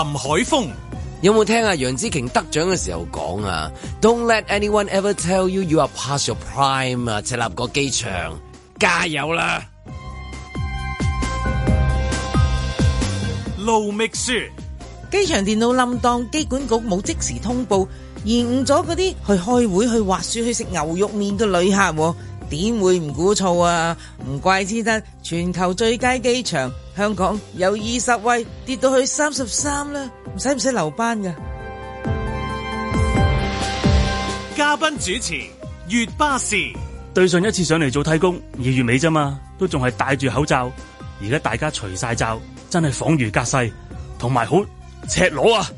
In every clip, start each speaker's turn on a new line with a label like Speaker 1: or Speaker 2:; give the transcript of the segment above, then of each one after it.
Speaker 1: 林海峰有冇聽
Speaker 2: 啊？楊紫瓊得獎嘅時候講啊，Don't let anyone ever tell you you are past your prime 啊！赤鱲角機場加油啦
Speaker 3: ！Low mixu 機場電腦冧檔，機管局冇即時通報，延誤咗嗰啲去開會、去滑雪、去食牛肉麵嘅旅客。點會唔鼓噪啊？唔怪之得全球最佳機場香港有二十位跌到去三十三啦，唔使唔使留班噶、啊？
Speaker 1: 嘉賓主持月巴士，
Speaker 4: 對上一次上嚟做替工二月尾啫嘛，都仲係戴住口罩。而家大家除晒罩，真係恍如隔世，同埋好赤裸啊！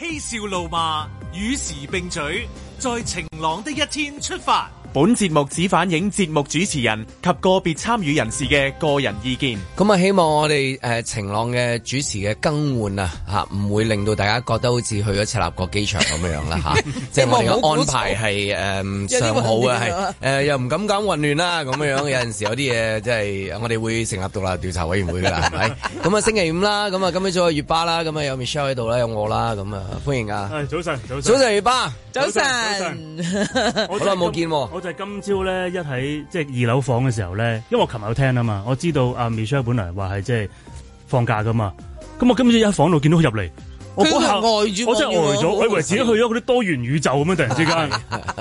Speaker 1: 嬉笑怒罵，與時並舉，在晴朗的一天出發。本節目只反映節目主持人及個別參與人士嘅個人意見。咁啊，希望我
Speaker 2: 哋誒晴朗嘅主持嘅更換啊，吓唔會令到大家覺得好似去咗赤鱲角機場咁樣樣啦吓。即係我哋安排係誒上好啊，係誒又唔敢講混亂啦，咁樣樣。有陣時有啲嘢即係我哋會成立獨立調查委員會噶啦，係咪？咁啊星期五啦，咁啊今日做阿月巴啦，咁啊有 Michelle 喺度啦，有我啦，咁啊歡迎啊。早
Speaker 4: 晨，早晨，早晨，月巴，早晨，好耐冇見。就係今朝咧，一喺即係二樓房嘅時候咧，因為我琴日有聽啊嘛，我知道阿 Michelle 本來話係即係放假㗎嘛，咁我今朝一喺房度見到佢入嚟，我嗰下呆咗，我真係呆咗，我以為自己去咗嗰啲多元宇宙咁樣，突然之間，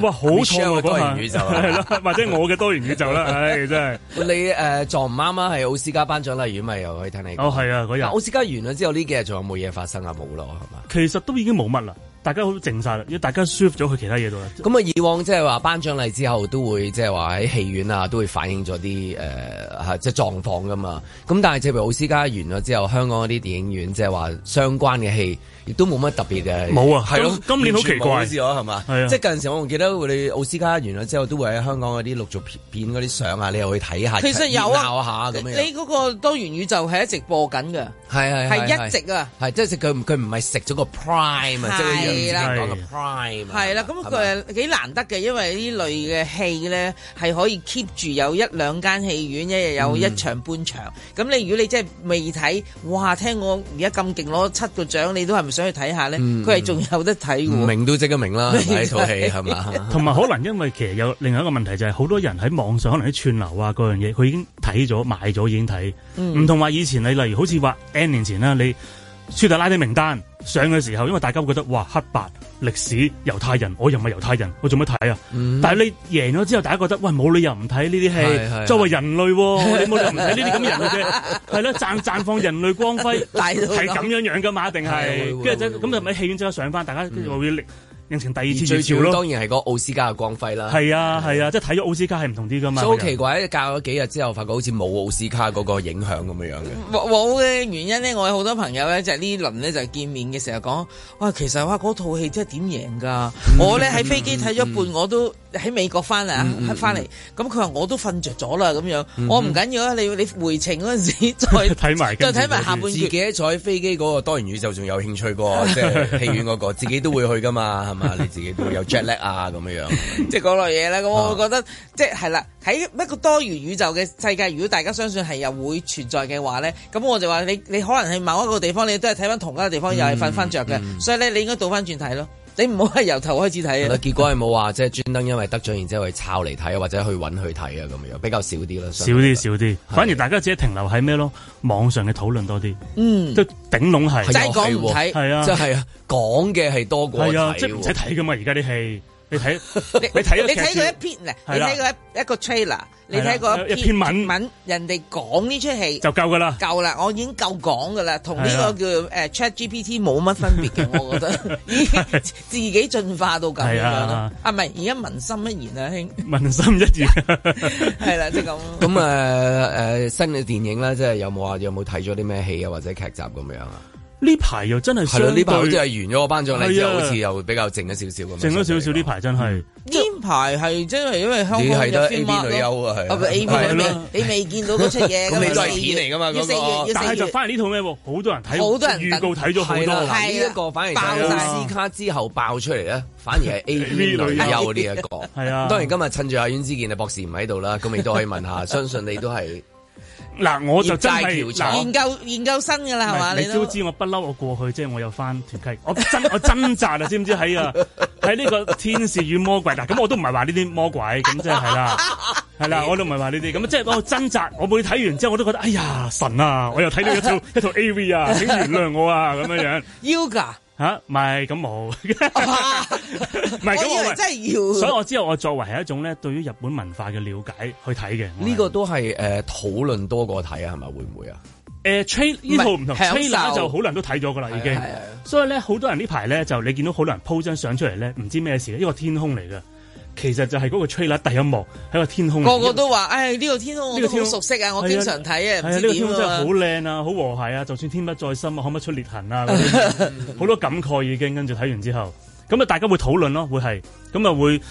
Speaker 4: 哇好彩啊嗰下，係啦，或者我嘅多元宇宙啦，唉真
Speaker 2: 係你誒撞唔啱啊，係奧斯卡頒獎禮完咪又可以聽你哦，係啊嗰日，奧斯卡完咗之後呢幾日仲有冇嘢發生啊？冇咯係
Speaker 4: 嘛，其實都已經冇乜啦。大家好靜晒啦，如果大家舒服咗去其他嘢度啦，
Speaker 2: 咁啊以往即係話頒獎禮之後都會即係話喺戲院啊都會反映咗啲誒嚇即係狀況㗎嘛，咁但係譬如奧斯卡完咗之後，香港嗰啲電影院即係話相關嘅戲。亦都冇乜特別嘅，冇啊，係咯，今年好奇怪嘅事嗬，係嘛？係啊，即係近時我仲記得我哋奧斯卡完咗之後，都會喺香港嗰啲陸續片片嗰啲相啊，你又去睇下，其實有啊，鬧下咁樣。你
Speaker 3: 嗰個多元宇宙係一直播緊㗎，係係
Speaker 2: 係一直啊，係即係佢佢唔係食咗個 Prime 啊，即係佢人哋講個
Speaker 3: Prime 啊，係啦，咁佢幾難得嘅，因為呢類嘅戲咧係可以 keep 住有一兩間戲院，一日有一場半場。咁你如果你真係未睇，哇！聽我而家咁勁攞七個獎，你都係咪？想去睇下咧，佢係仲有得睇㗎、嗯。明到即
Speaker 4: 刻明啦，呢套戲，係嘛？同埋 可能因為其實有另外一個問題就係好多人喺網上可能喺串流啊樣嘢，佢已經睇咗買咗已經睇。唔、嗯、同話以前你例如好似話 N 年前啦，你舒特拉啲名單。上嘅時候，因為大家會覺得，哇，黑白歷史，猶太人，我又唔係猶太人，我做乜睇啊？但係你贏咗之後，大家覺得，喂，冇理由唔睇呢啲戲，作為人類，你冇理由唔睇呢啲咁嘅人類嘅。係咯，綻綻放人類光輝，係咁樣樣噶嘛？定係，跟住就咁就咪戲院再上翻，大家又會力。形成第二次高潮咯。當然係個奧斯卡嘅光輝啦。係啊係啊，啊啊啊即係睇咗奧斯卡係唔同啲㗎嘛。
Speaker 3: 好 So、啊、奇怪，
Speaker 2: 隔咗幾日之後，發覺好似冇奧斯卡嗰個影響咁樣樣
Speaker 3: 嘅。冇嘅原因咧，我有好多朋友咧，就係、是、呢輪咧就係見面嘅時候講，哇，其實哇嗰套戲真係點贏㗎？嗯、我咧喺飛機睇咗一半、嗯嗯、我都。喺美國翻嚟啊，翻嚟咁佢話我都瞓着咗啦咁樣，我唔緊要啊，你你回程嗰陣時再睇埋，再睇埋下半頁。自己
Speaker 2: 坐喺飛機嗰個多元宇宙仲有興趣過，即係戲院嗰個，自己都會去㗎嘛，係嘛？你自己都有 jet lag 啊咁樣樣，
Speaker 3: 即係嗰類嘢咧。咁我覺得即係啦，喺一個多元宇宙嘅世界，如果大家相信係又會存在嘅話咧，咁我就話你你可能喺某一個地方，你都係睇翻同一個地方又係瞓翻着嘅，所以咧你應該倒翻轉睇咯。
Speaker 2: 你唔好係由頭開始睇啊！嗱、嗯，結果係冇話即係專登，就是、因為得獎然之後去抄嚟睇，或者
Speaker 4: 去揾佢睇啊咁樣，比較少啲啦。少啲少啲，反而大家只係停留喺咩咯？網上嘅討論多啲，嗯，都頂籠係即係講唔睇，係啊的的，就係講嘅係多過睇，即係唔使睇噶嘛，而家啲戲。你睇，你睇，你睇過一篇，你睇過
Speaker 3: 一一個 trailer，你睇過一篇文，文人哋講呢出戲就夠噶啦，夠啦，我已經夠講噶啦，同呢個叫誒 Chat GPT 冇乜分別嘅，
Speaker 4: 我覺得
Speaker 3: 已自己進化到咁樣啦，係咪？唔係，而家文心一言啊，兄，
Speaker 4: 文心一
Speaker 2: 言，
Speaker 3: 係啦，即
Speaker 2: 係咁。咁誒，誒，新嘅電影啦，即係有冇啊？有冇睇咗啲咩戲啊？或者劇集咁樣啊？呢排又真係係咯，呢排好似係完咗個頒獎禮之後，好似又比較靜咗少少咁。靜咗
Speaker 4: 少少呢排真係，
Speaker 3: 呢排係真係因為香港 AV 女優
Speaker 2: 啊，係 AV，你未見到個
Speaker 3: 出嘢，咁，你都係片嚟噶嘛？咁啊，
Speaker 2: 但係就
Speaker 4: 翻嚟呢套咩喎？好多人睇，好多人預告睇咗好多，呢一個反而爆奧斯卡
Speaker 2: 之後爆出嚟咧，反而係 AV 女優呢一個，係啊。當然今日趁住阿袁志健嘅博士唔喺度啦，咁都可以問下，相信你都係。嗱，我就真係研
Speaker 3: 究研究生噶啦，係嘛是？你都你知
Speaker 4: 我不嬲，我過去即係我有翻團契，我爭我掙扎啦， 知唔知喺啊？喺呢個天使與魔鬼嗱，咁我都唔係話呢啲魔鬼，咁即係啦，係啦，我都唔係話呢啲，咁即係我掙扎，我每睇完之後我都覺得，哎呀神啊，我又睇到一套 一套 A V 啊，請原諒我啊，咁樣樣。Yoga。嚇，唔係咁冇，唔係咁， 是 以為真係要。所以我之後我作為係一種咧，對於日本文化嘅了解去睇嘅。呢個都係誒、嗯、討論多過睇啊，係咪？會唔會啊？誒 t 呢套唔同 t 就好多人都睇咗噶啦，的已經。所以咧，好多人呢排咧就你見到好多人 po 張相出嚟咧，唔知咩事咧，一個天空嚟嘅。其實就係嗰個吹喇，第一幕喺個天空，人人這個個都話、
Speaker 3: 啊：，哎，呢個天空，呢個天空熟悉啊，我經常睇啊，呢個天空真係好
Speaker 4: 靚啊，好和諧啊，就算天不再深，啊，看不出裂痕啊，好 多感慨已經。跟住睇完之後，咁啊，大家會討論咯，會係，咁啊會，誒、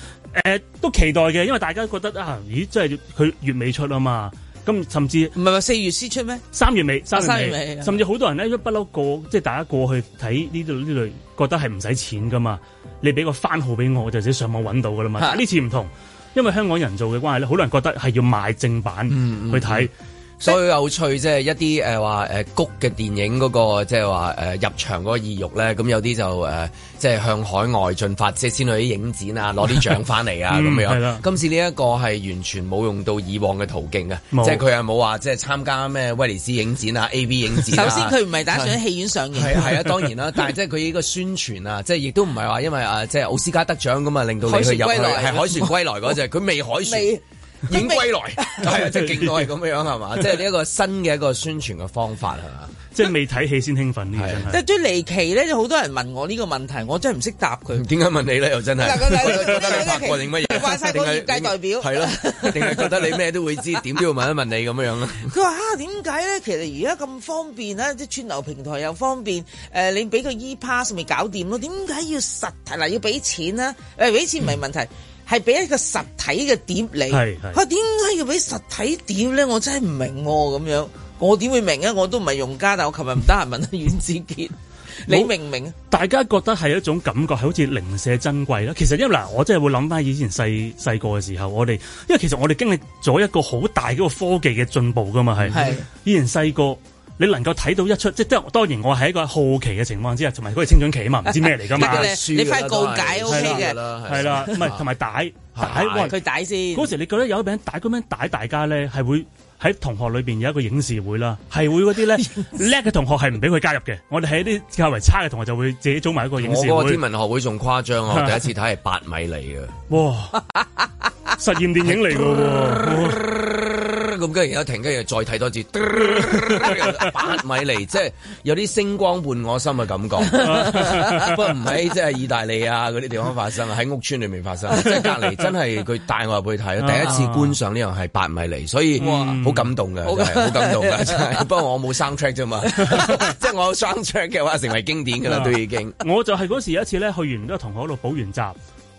Speaker 4: 呃，都期待嘅，因為大家覺得啊，咦，真係佢月尾出啊嘛。咁甚至唔係話四月先出咩？三月尾，三月尾，啊、三月尾甚至好多人咧吧一不嬲過，即、就、係、是、大家過去睇呢度呢類，覺得係唔使錢噶嘛。你俾個番號俾我，我就直接上網揾到噶啦嘛。呢、啊、次唔同，因為香港人做嘅關係咧，好多人覺得係要買正版去睇、嗯。嗯嗯。所以有趣即係一啲誒話
Speaker 2: 誒谷嘅電影嗰、那個即係話誒入場嗰個意欲咧，咁有啲就誒、呃、即係向海外進發，即係先去啲影展啊，攞啲獎翻嚟啊咁樣。的今次呢一個係完全冇用到以往嘅途徑嘅有，即係佢又冇話即係參加咩威尼斯影展啊、A B 影展。 首先佢唔係打算喺戲
Speaker 3: 院上映，係啊的 當然啦，但係即係佢呢個宣傳
Speaker 2: 啊，即係亦都唔係話因為啊即係奧斯卡得獎咁啊，令到佢去入去係海船歸來嗰隻，
Speaker 3: 佢未海船。影歸來係即係勁耐
Speaker 2: 咁樣係嘛，即係呢一個新嘅一個宣傳嘅方法
Speaker 4: 係嘛，即係未睇戲先興奮呢，真即係
Speaker 3: 最離奇咧，就好多人問我呢個問題，我真係唔識答佢。
Speaker 4: 點解問你咧？又真係。你
Speaker 3: 拍過影乜嘢？點解晒個業界代表？係
Speaker 4: 啦，
Speaker 2: 定係覺得你咩都會知，點都要問一問你咁樣咯。
Speaker 3: 佢話吓，點解咧？其實而家咁方便啊，即係串流平台又方便。誒，你俾個 e pass 咪搞掂咯？點解要實體嗱？要俾錢啊？誒，俾錢唔係問題。係俾一個實體嘅碟你，佢點解要俾實體碟咧？我真係唔明咁、啊、樣，我點會明啊？我都唔係用家，但我琴日唔得閒問下阮志杰， 你明唔明
Speaker 4: 啊？大家覺得係一種感覺，係好似零舍珍貴咯。其實因為嗱，我真係會諗翻以前細細個嘅時候我，我哋因為其實我哋經歷咗一個好大嗰個科技嘅進步噶嘛，係是以前細個。你能夠睇到一出即係當然我係一個好奇嘅情況之下，同埋佢係青春期啊嘛，唔知咩嚟噶嘛。啊、你快告解 O K 嘅，係啦是，唔同埋帶帶佢帶，帶先。嗰時你覺得有一餅帶嗰餅帶大家咧，係會喺同學裏邊有一個影視會啦，係會嗰啲咧叻嘅同學係唔俾佢加入嘅。我哋喺啲較為差嘅同學就會自己組埋一個影視會。天文學
Speaker 2: 會仲誇張啊！第一次睇係八米嚟嘅，
Speaker 4: 哇！實驗電影嚟嘅喎。
Speaker 2: 咁跟住一停，跟住再睇多次，八米厘， 即係有啲星光伴我心嘅感覺。 不過唔係即係意大利啊嗰啲地方發生，喺屋村裏面發生，即係隔籬真係佢帶我入去睇，第一次觀賞呢樣係八米厘，所以好哇、嗯、感動嘅，好、就是、感動嘅。
Speaker 4: 不過我冇 soundtrack 啫嘛，
Speaker 2: 即係我有 soundtrack 嘅話，成為經典噶啦，都已經。
Speaker 4: 我就係嗰時有一次咧，去完都係同學喺度補完習，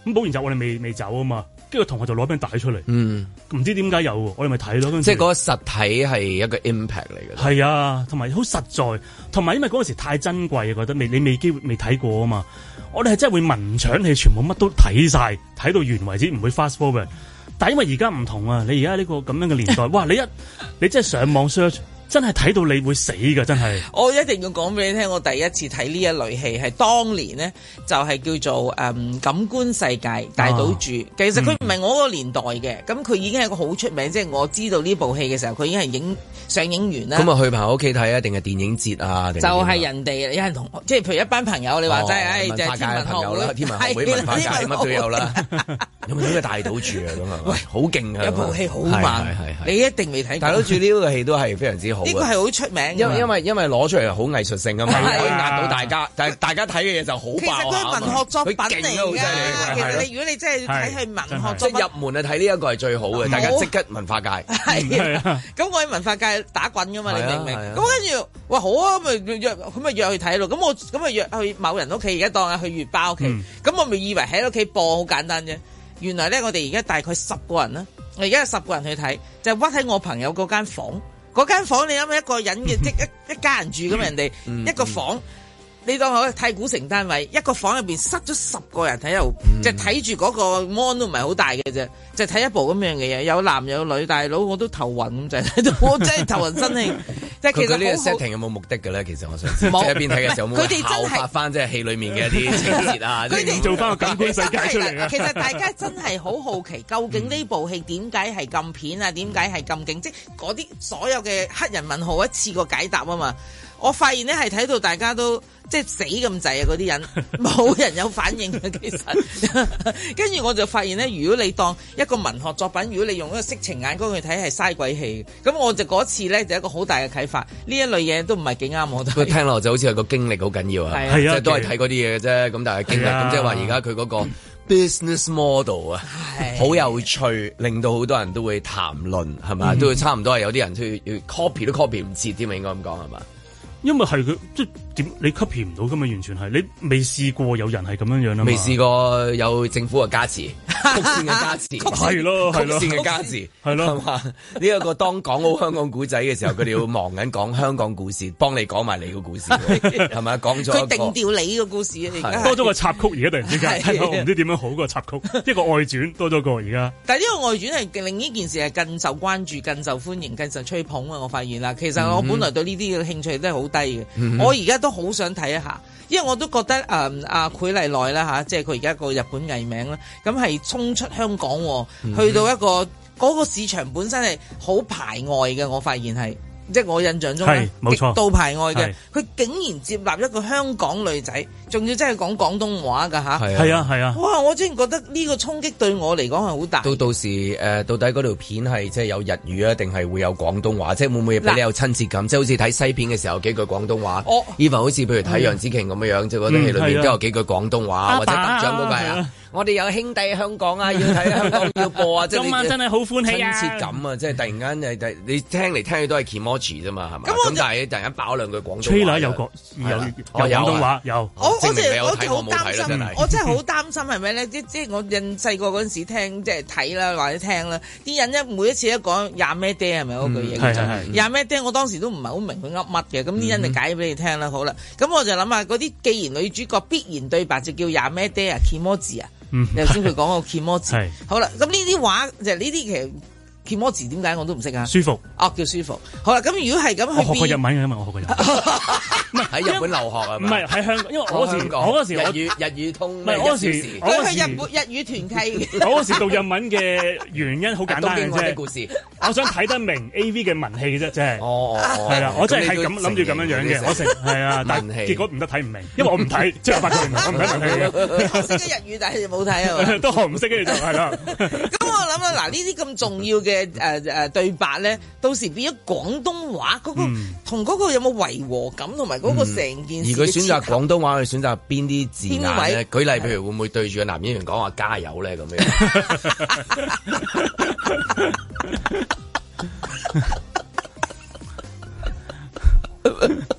Speaker 4: 咁補完習我哋未未走啊嘛。 跟住同學就攞畀帶出嚟，唔、嗯、知點解有，我哋咪睇咯。即係嗰個實體係一個 impact 嚟嘅。係啊，同埋好實在，同埋因為嗰陣時太珍貴啊，覺得未你未機會未睇過啊嘛，我哋係真係會聞搶氣，全部乜都睇晒，睇到完為止，唔會 fast forward。但係因為而家唔同啊，你而家呢個咁樣嘅年代，哇！你一你真係上網 search。真係睇到你會死噶，真係！
Speaker 3: 我一定要講俾你聽，我第一次睇呢一類戲係當年呢，就係叫做誒感官世界大島住。其實佢唔係我嗰個年代嘅，咁佢已經係個好出名。即係我知道呢部戲嘅時候，佢已經係影上映完啦。咁啊，去
Speaker 2: 朋友屋企睇啊，定係電影節啊？就係
Speaker 3: 人哋有人同，即係譬如一班朋友，你話真係誒，就係天文朋友啦，天文會文朋友乜都有啦。
Speaker 2: 咁啊，呢個大島住啊，咁啊，喂，好勁啊！有部戲好慢，
Speaker 3: 你一定未睇大島住
Speaker 2: 呢個戲都係非常之。呢個係
Speaker 3: 好出名，因因
Speaker 2: 為因為攞出嚟好藝術性啊嘛，可以壓到大家。但係大家睇嘅嘢就
Speaker 1: 好爆。其實佢係文學作品嚟㗎，其實
Speaker 3: 你如果你真係睇係文學作品，即係入
Speaker 2: 門去睇呢一個係最好嘅，大家即刻文化界。係！
Speaker 3: 咁我喺文化界打滾㗎嘛，你明唔明？咁跟住嘩，好啊，咪約佢咪約去睇咯。咁我咁咪約去某人屋企，而家當係去月巴屋企。咁我咪以為喺屋企播好簡單啫。原來咧，我哋而家大概十個人啦，我而家有十個人去睇，就屈喺我朋友嗰間房，嗰間房你諗下一個人嘅， 即一一家人住咁 人哋一個房。你當好太古城單位，一個房入邊塞咗十個人睇度，即係睇住嗰個 mon 都唔係好大嘅啫，就睇、是、一部咁樣嘅嘢，有男有女，大佬我都頭暈咁就是，我真係頭暈身氣。即、就、係、是、其實呢個 setting 有冇目的嘅咧？其實我想知。冇沒。佢哋真係爆發
Speaker 2: 翻即係戲裏面嘅一啲情節啊！
Speaker 4: 佢哋做翻個感官世界出嚟。其實大家
Speaker 3: 真係好好奇，究竟呢部戲點解係禁片啊？點解係咁勁？即係嗰啲所有嘅黑人問號一次過解答啊嘛！我發現咧係睇到大家都即係死咁滯啊！嗰啲人冇人有反應啊！其實，跟 住我就發現咧，如果你當一個文學作品，如果你用一個色情眼光去睇，係嘥鬼氣嘅。咁我那呢就嗰次咧就一個好大嘅啟發，呢一類嘢都唔係幾啱我都。佢
Speaker 2: 聽落就好似個經歷好緊要啊，即係、啊、都係睇嗰啲嘢嘅啫。咁但係經歷咁即係話而家佢嗰個 business model 啊，好、啊、有趣，令到好多人都會談論係咪？嗯、都會差唔多係有啲人去 copy 都 copy 唔切添啊，應該咁講係嘛。
Speaker 4: 因為係佢即點你 copy 唔到噶嘛，完全係你未試過有人係咁樣樣囉，未試過有政府嘅加持，
Speaker 3: 曲線嘅加持係咯，係咯，曲線嘅
Speaker 2: 加持係咯，係嘛？呢一個當講好香港古仔嘅時候，佢哋要忙緊講香港故事，
Speaker 4: 幫你講埋你個故事，係咪講咗？佢定調
Speaker 3: 你個故事啊！多咗個
Speaker 4: 插曲，而家突然之間唔知點樣好個插曲，一個外傳多咗個而家。
Speaker 3: 但係呢個外傳係令呢件事係更受關注、更受歡迎、更受吹捧啊！我發現啦，其實我本來對呢啲嘅興趣都係好。低嘅，mm hmm. 我而家都好想睇一下，因為我都覺得誒阿許麗奈啦吓，即係佢而家個日本藝名啦，咁係衝出香港，mm hmm. 去到一個嗰個市場本身係好排外嘅，我發現係。即係我印象中冇錯，極度排外嘅，佢竟然接納一個香港女仔，仲要真係講廣東話㗎嚇！係啊係啊！哇！我之前覺得呢個衝擊對我嚟講係好大。到
Speaker 2: 到時誒，到底嗰條片係即係有日語啊，定係會有廣東話？即係會唔會俾你有親切感？即係好似睇西片嘅時候幾句廣東話。哦，依份好似譬如睇楊紫瓊咁樣樣，即係嗰啲戲裡面都有幾句廣東話，或者特獎嗰啊！我哋有兄弟喺香港啊，要睇香港要播啊！今晚真係好歡喜啊！親切感啊！即係突然間你聽嚟聽去都係《啫嘛，係嘛？咁但係突然間爆咗兩句
Speaker 5: 廣東話，吹啦又講，有有動畫有。
Speaker 2: 我我真係好擔心，我真係好
Speaker 3: 擔心係咩咧？即即係我印細個嗰陣時聽即係睇啦，或者聽啦，啲人呢每一次都講廿咩爹係咪嗰句嘢？廿咩爹？我當時都唔係好明佢噏乜嘅。咁呢啲就解俾你聽啦，好啦。咁我就諗下嗰啲，既然女主角必然對白就叫廿咩爹啊，K 魔字啊，你頭先佢講個 K 魔字。好啦，咁呢啲話就係呢啲其實。乜嘢字點解我都唔識啊？舒服，哦叫舒服。好啦，咁如果係咁，學過日文嘅，因為我學過日文，唔係喺
Speaker 4: 日本留學啊，唔係喺
Speaker 3: 香港。因為我嗰時講日語，日語通。
Speaker 4: 唔係嗰時，嗰時日本
Speaker 3: 日語團契。嗰時讀日
Speaker 4: 文嘅原因好簡單啫，我想睇得明 A V 嘅文氣啫，即係。哦哦啦，我真係係咁諗住咁樣樣嘅，我成係啊，但係結果唔得睇唔明，因為我唔睇，即係八個零唔睇。你學識日語，但係冇
Speaker 3: 睇係
Speaker 4: 都學唔識嘅。跟住就係啦。
Speaker 3: 咁我諗啊，嗱呢啲咁重要嘅。誒誒對白咧，到時變咗廣東話，嗰個同嗰個有冇違和感？同埋嗰個成件事。而佢選擇廣
Speaker 2: 東話，佢選擇邊啲字眼咧？位舉例，譬如會唔會對住個男演員講話加油咧？咁樣。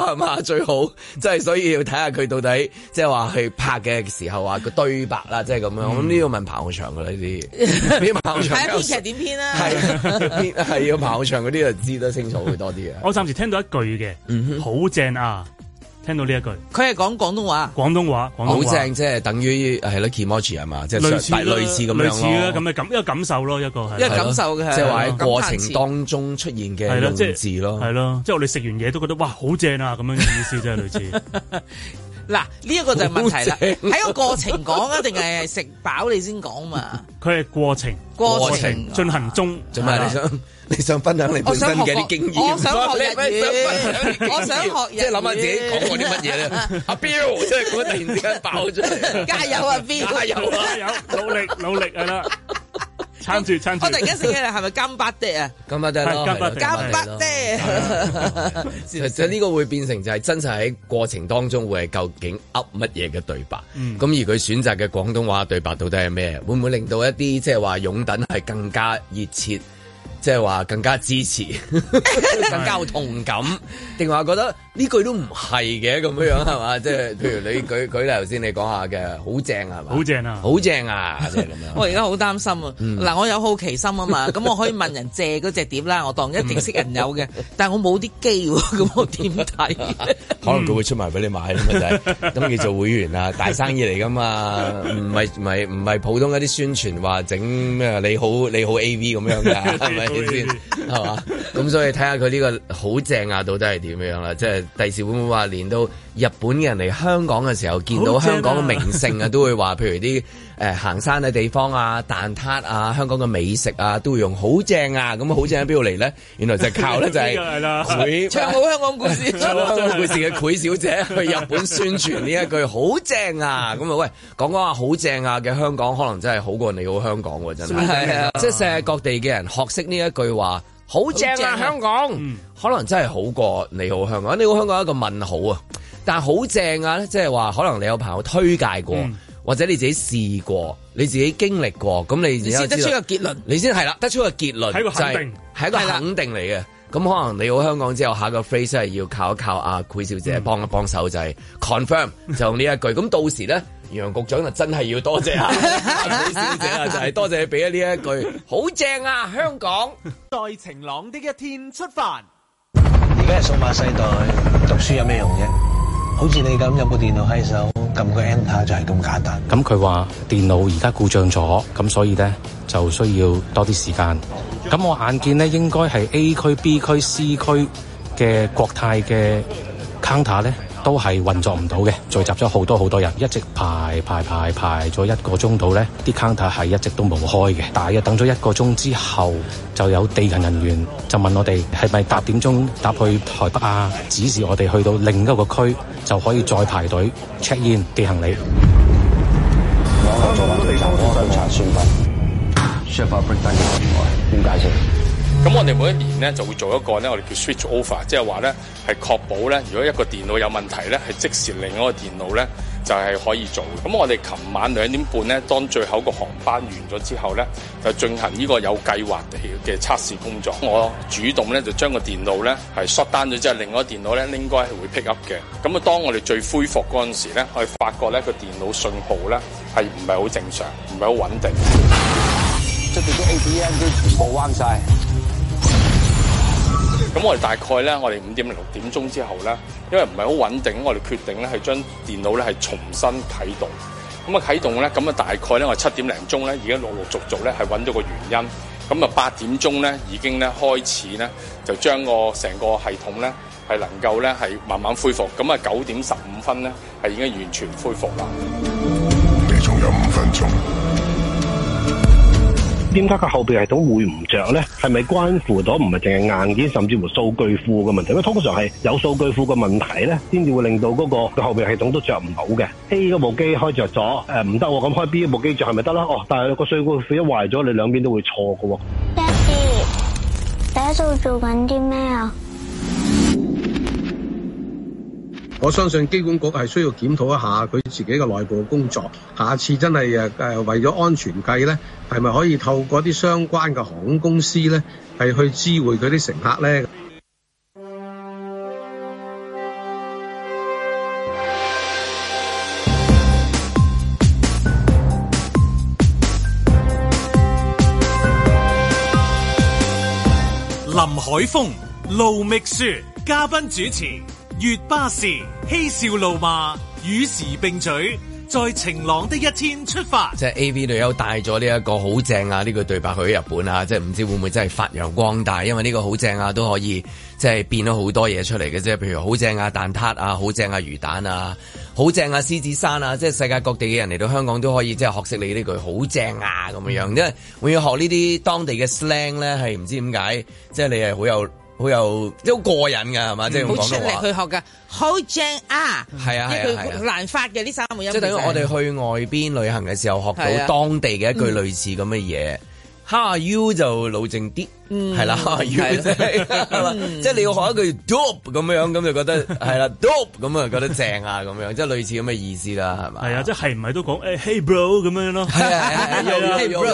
Speaker 2: 係嘛，最好，即、就、係、是、所以要睇下佢到底即係話去拍嘅時候話個對白啦，即係咁樣。我諗呢、嗯、個問彭浩翔噶啦呢啲，
Speaker 3: 俾彭浩翔，睇編劇
Speaker 2: 點編啦，係係要彭浩翔嗰啲就知得清楚會多啲啊。
Speaker 4: 我暫時聽到一句嘅，好正 啊！聽到呢一句，佢係講廣東話，廣東話，廣東話好正，即係等於係咯 Kimochi 係嘛？即係類似類似咁樣類似咯，咁嘅感一個感受咯，一個係一個感受嘅，即係話喺過程當中出現嘅字咯，係咯，即係我哋食完嘢都覺得哇，好正啊！咁樣嘅意思即係類似。
Speaker 3: 嗱，呢一個就係問題啦，喺個過程講啊，定係食飽你先講嘛？
Speaker 4: 佢係過程，過程進行中，做咩咧？你想分享你本身嘅啲經驗？
Speaker 2: 我想學日語，我想學日語，即係諗下自己
Speaker 4: 講過啲乜嘢咧。阿彪，即係我突然之間爆咗，加油阿彪，加油，加油，
Speaker 3: 努力努力啊啦！
Speaker 4: 撐住撐住，我突然間醒
Speaker 3: 起啦，係咪金伯爹啊？
Speaker 2: 金伯爹咯，金伯爹。其實呢個會變成就係真實喺過程當中會係究竟噏乜嘢嘅對白？咁而佢選擇嘅廣東話對白到底係咩？會唔會令到一啲即係話擁躉係更加熱切？即係話更加支持，更加有同感，定話覺得呢句都唔係嘅咁樣樣係嘛？即係譬如你舉例，頭先你講下嘅，好正係嘛？好正啊！好正啊！即係
Speaker 3: 咁樣。我而家好擔心啊！嗱、嗯，我有好奇心啊嘛，咁、嗯嗯嗯、我可以問人借嗰隻碟啦，我當一定識人、嗯、有嘅，但係我冇啲機喎，咁我點睇？
Speaker 2: 可能佢會出埋俾你買啦，就係咁要做會員啦，大生意嚟噶嘛，唔係唔係唔係普通一啲宣傳話整咩你好，你好，你好，你好 AV 咁樣㗎。係嘛？咁 Okay. 所以睇下佢呢個好正啊，到底係點樣啦？即係第時會唔會話連到日本人嚟香港嘅時候，見到香港嘅名勝啊，都會話譬如啲。誒行山嘅地方啊，蛋撻啊，香港嘅美食啊，都會用好正啊！咁好正喺邊度嚟咧？來呢 原來就係靠咧、就係，就係會唱好香港故事， 故事嘅許小姐 去日本宣傳呢一句 好正啊！咁啊，喂，講講啊，好正啊嘅香港，可能真係好過你好香港喎，真係。即係世界各地嘅人學識呢一句話，好正啊！香港可能真係好過你好香港。 你好香港一個問號啊，但係好正啊即係話可能你有朋友推介過。嗯或者你自己試過，你自己經歷過，咁你先得出個結論，你先係啦，得出個結論，係一個肯定，係一個肯定嚟嘅。咁可能你好香港之後下個 phase 係要靠一靠阿奎小姐幫一幫手，就係 confirm 就用呢一句。咁到時咧，楊局長就真係要多謝阿 K 小姐啊，就係多謝你俾咗呢一句，好
Speaker 1: 正啊！香港在晴朗的一天出發。而家係數碼世代讀書有咩用啫？好似你咁有部電腦喺手。撳個 enter 就係咁簡單。
Speaker 5: 咁佢話電腦而家故障咗，咁所以咧就需要多啲時間。咁我眼見咧應該係 A 區、B 區、C 區嘅國泰嘅 counter 咧。都係運作唔到嘅，聚集咗好多好多人，一直排排排排咗一個鐘度咧，啲 counter 係一直都冇開嘅。大約等咗一個鐘之後，就有地勤人，人員就問我哋係咪八點鐘搭去台北啊？是是 нибудь, 指示我哋去到另一個區就可以再排隊 check in 寄行李。我係做地勤，我係查書包。s 咁我哋每一年咧就會做一個咧，我哋叫 switch over，即係話咧係確保咧，如果一個電腦有問題咧，係即時另一個電腦咧就係可以做。咁我哋琴晚兩點半咧，當最後個航班完咗之後咧，就進行呢個有計劃嘅測試工作。我主動咧就將個電腦咧係 shutdown 咗之後，另一個電腦咧應該係會 pick up 嘅。咁啊，當我哋最恢復嗰陣時咧，我哋發覺咧個電腦信號咧係唔係好正常，唔係好穩定。特別 ATM 都全部關晒，咁我哋大概咧，我哋五點零六點鐘之後咧，因為唔係好穩定，我哋決定咧係將電腦咧係重新啟動。咁啊啟動咧，咁啊大概咧我七點零鐘咧已經陸陸續續咧係揾到個原因。咁啊八點鐘咧已經咧開始咧就將個成個系統咧係能夠咧係慢慢恢復。咁啊九點十五分咧係已經完全恢復啦。你仲有五分鐘。點解個後備系統會唔着咧？係咪關乎到唔係淨係硬件，甚至乎數據庫嘅問題？因為通常係有數據庫嘅問題咧，先至會令到嗰個後備系統都着唔好嘅。A 嗰、hey, 部機開着咗，誒唔得，我咁、哦、開 B 部機着係咪得啦？哦，但係個數據庫一壞咗，你兩邊都會錯㗎。爹哋，爹做做緊啲咩啊？我相信機管局係需要檢討一下佢自己嘅內部工作。下次真係誒誒，為咗安全計咧，係咪可以透過啲相關嘅航空公司咧，係去知會佢啲乘客咧？
Speaker 1: 林海峰、盧覓雪，嘉賓主持。月巴士嬉笑怒罵與時並嘴，在晴朗的一天出發。
Speaker 2: 即係 A V 女友帶咗呢一個好正啊！呢句對白去日本啊，即係唔知會唔會真係發揚光大？因為呢個好正啊，都可以即係變咗好多嘢出嚟嘅。即係譬如好正啊蛋撻啊，好正啊魚蛋啊，好正啊獅子山啊，即係世界各地嘅人嚟到香港都可以即係學識你呢句好正啊咁樣樣，因為我要學呢啲當地嘅 slang 咧，係唔知點解，即係你係好有。好有，即係好過癮噶，係嘛？即係好出力去
Speaker 3: 學噶，好正啊！係啊，係啊，難發嘅呢、啊啊、三個音、就是。即係等於我哋
Speaker 2: 去外邊旅行嘅時候，學到當地嘅一句類似咁嘅嘢。哈 U 就老正啲，
Speaker 3: 係啦，哈 U 即係，
Speaker 2: 即係你要學一句 dope 咁樣，咁就覺得係啦，dope 咁啊覺得正啊，咁樣即係類似咁嘅意思啦，係嘛？
Speaker 4: 係啊，即係唔係都講誒，Hey bro 咁樣樣咯，係啊，係啊，係啊，係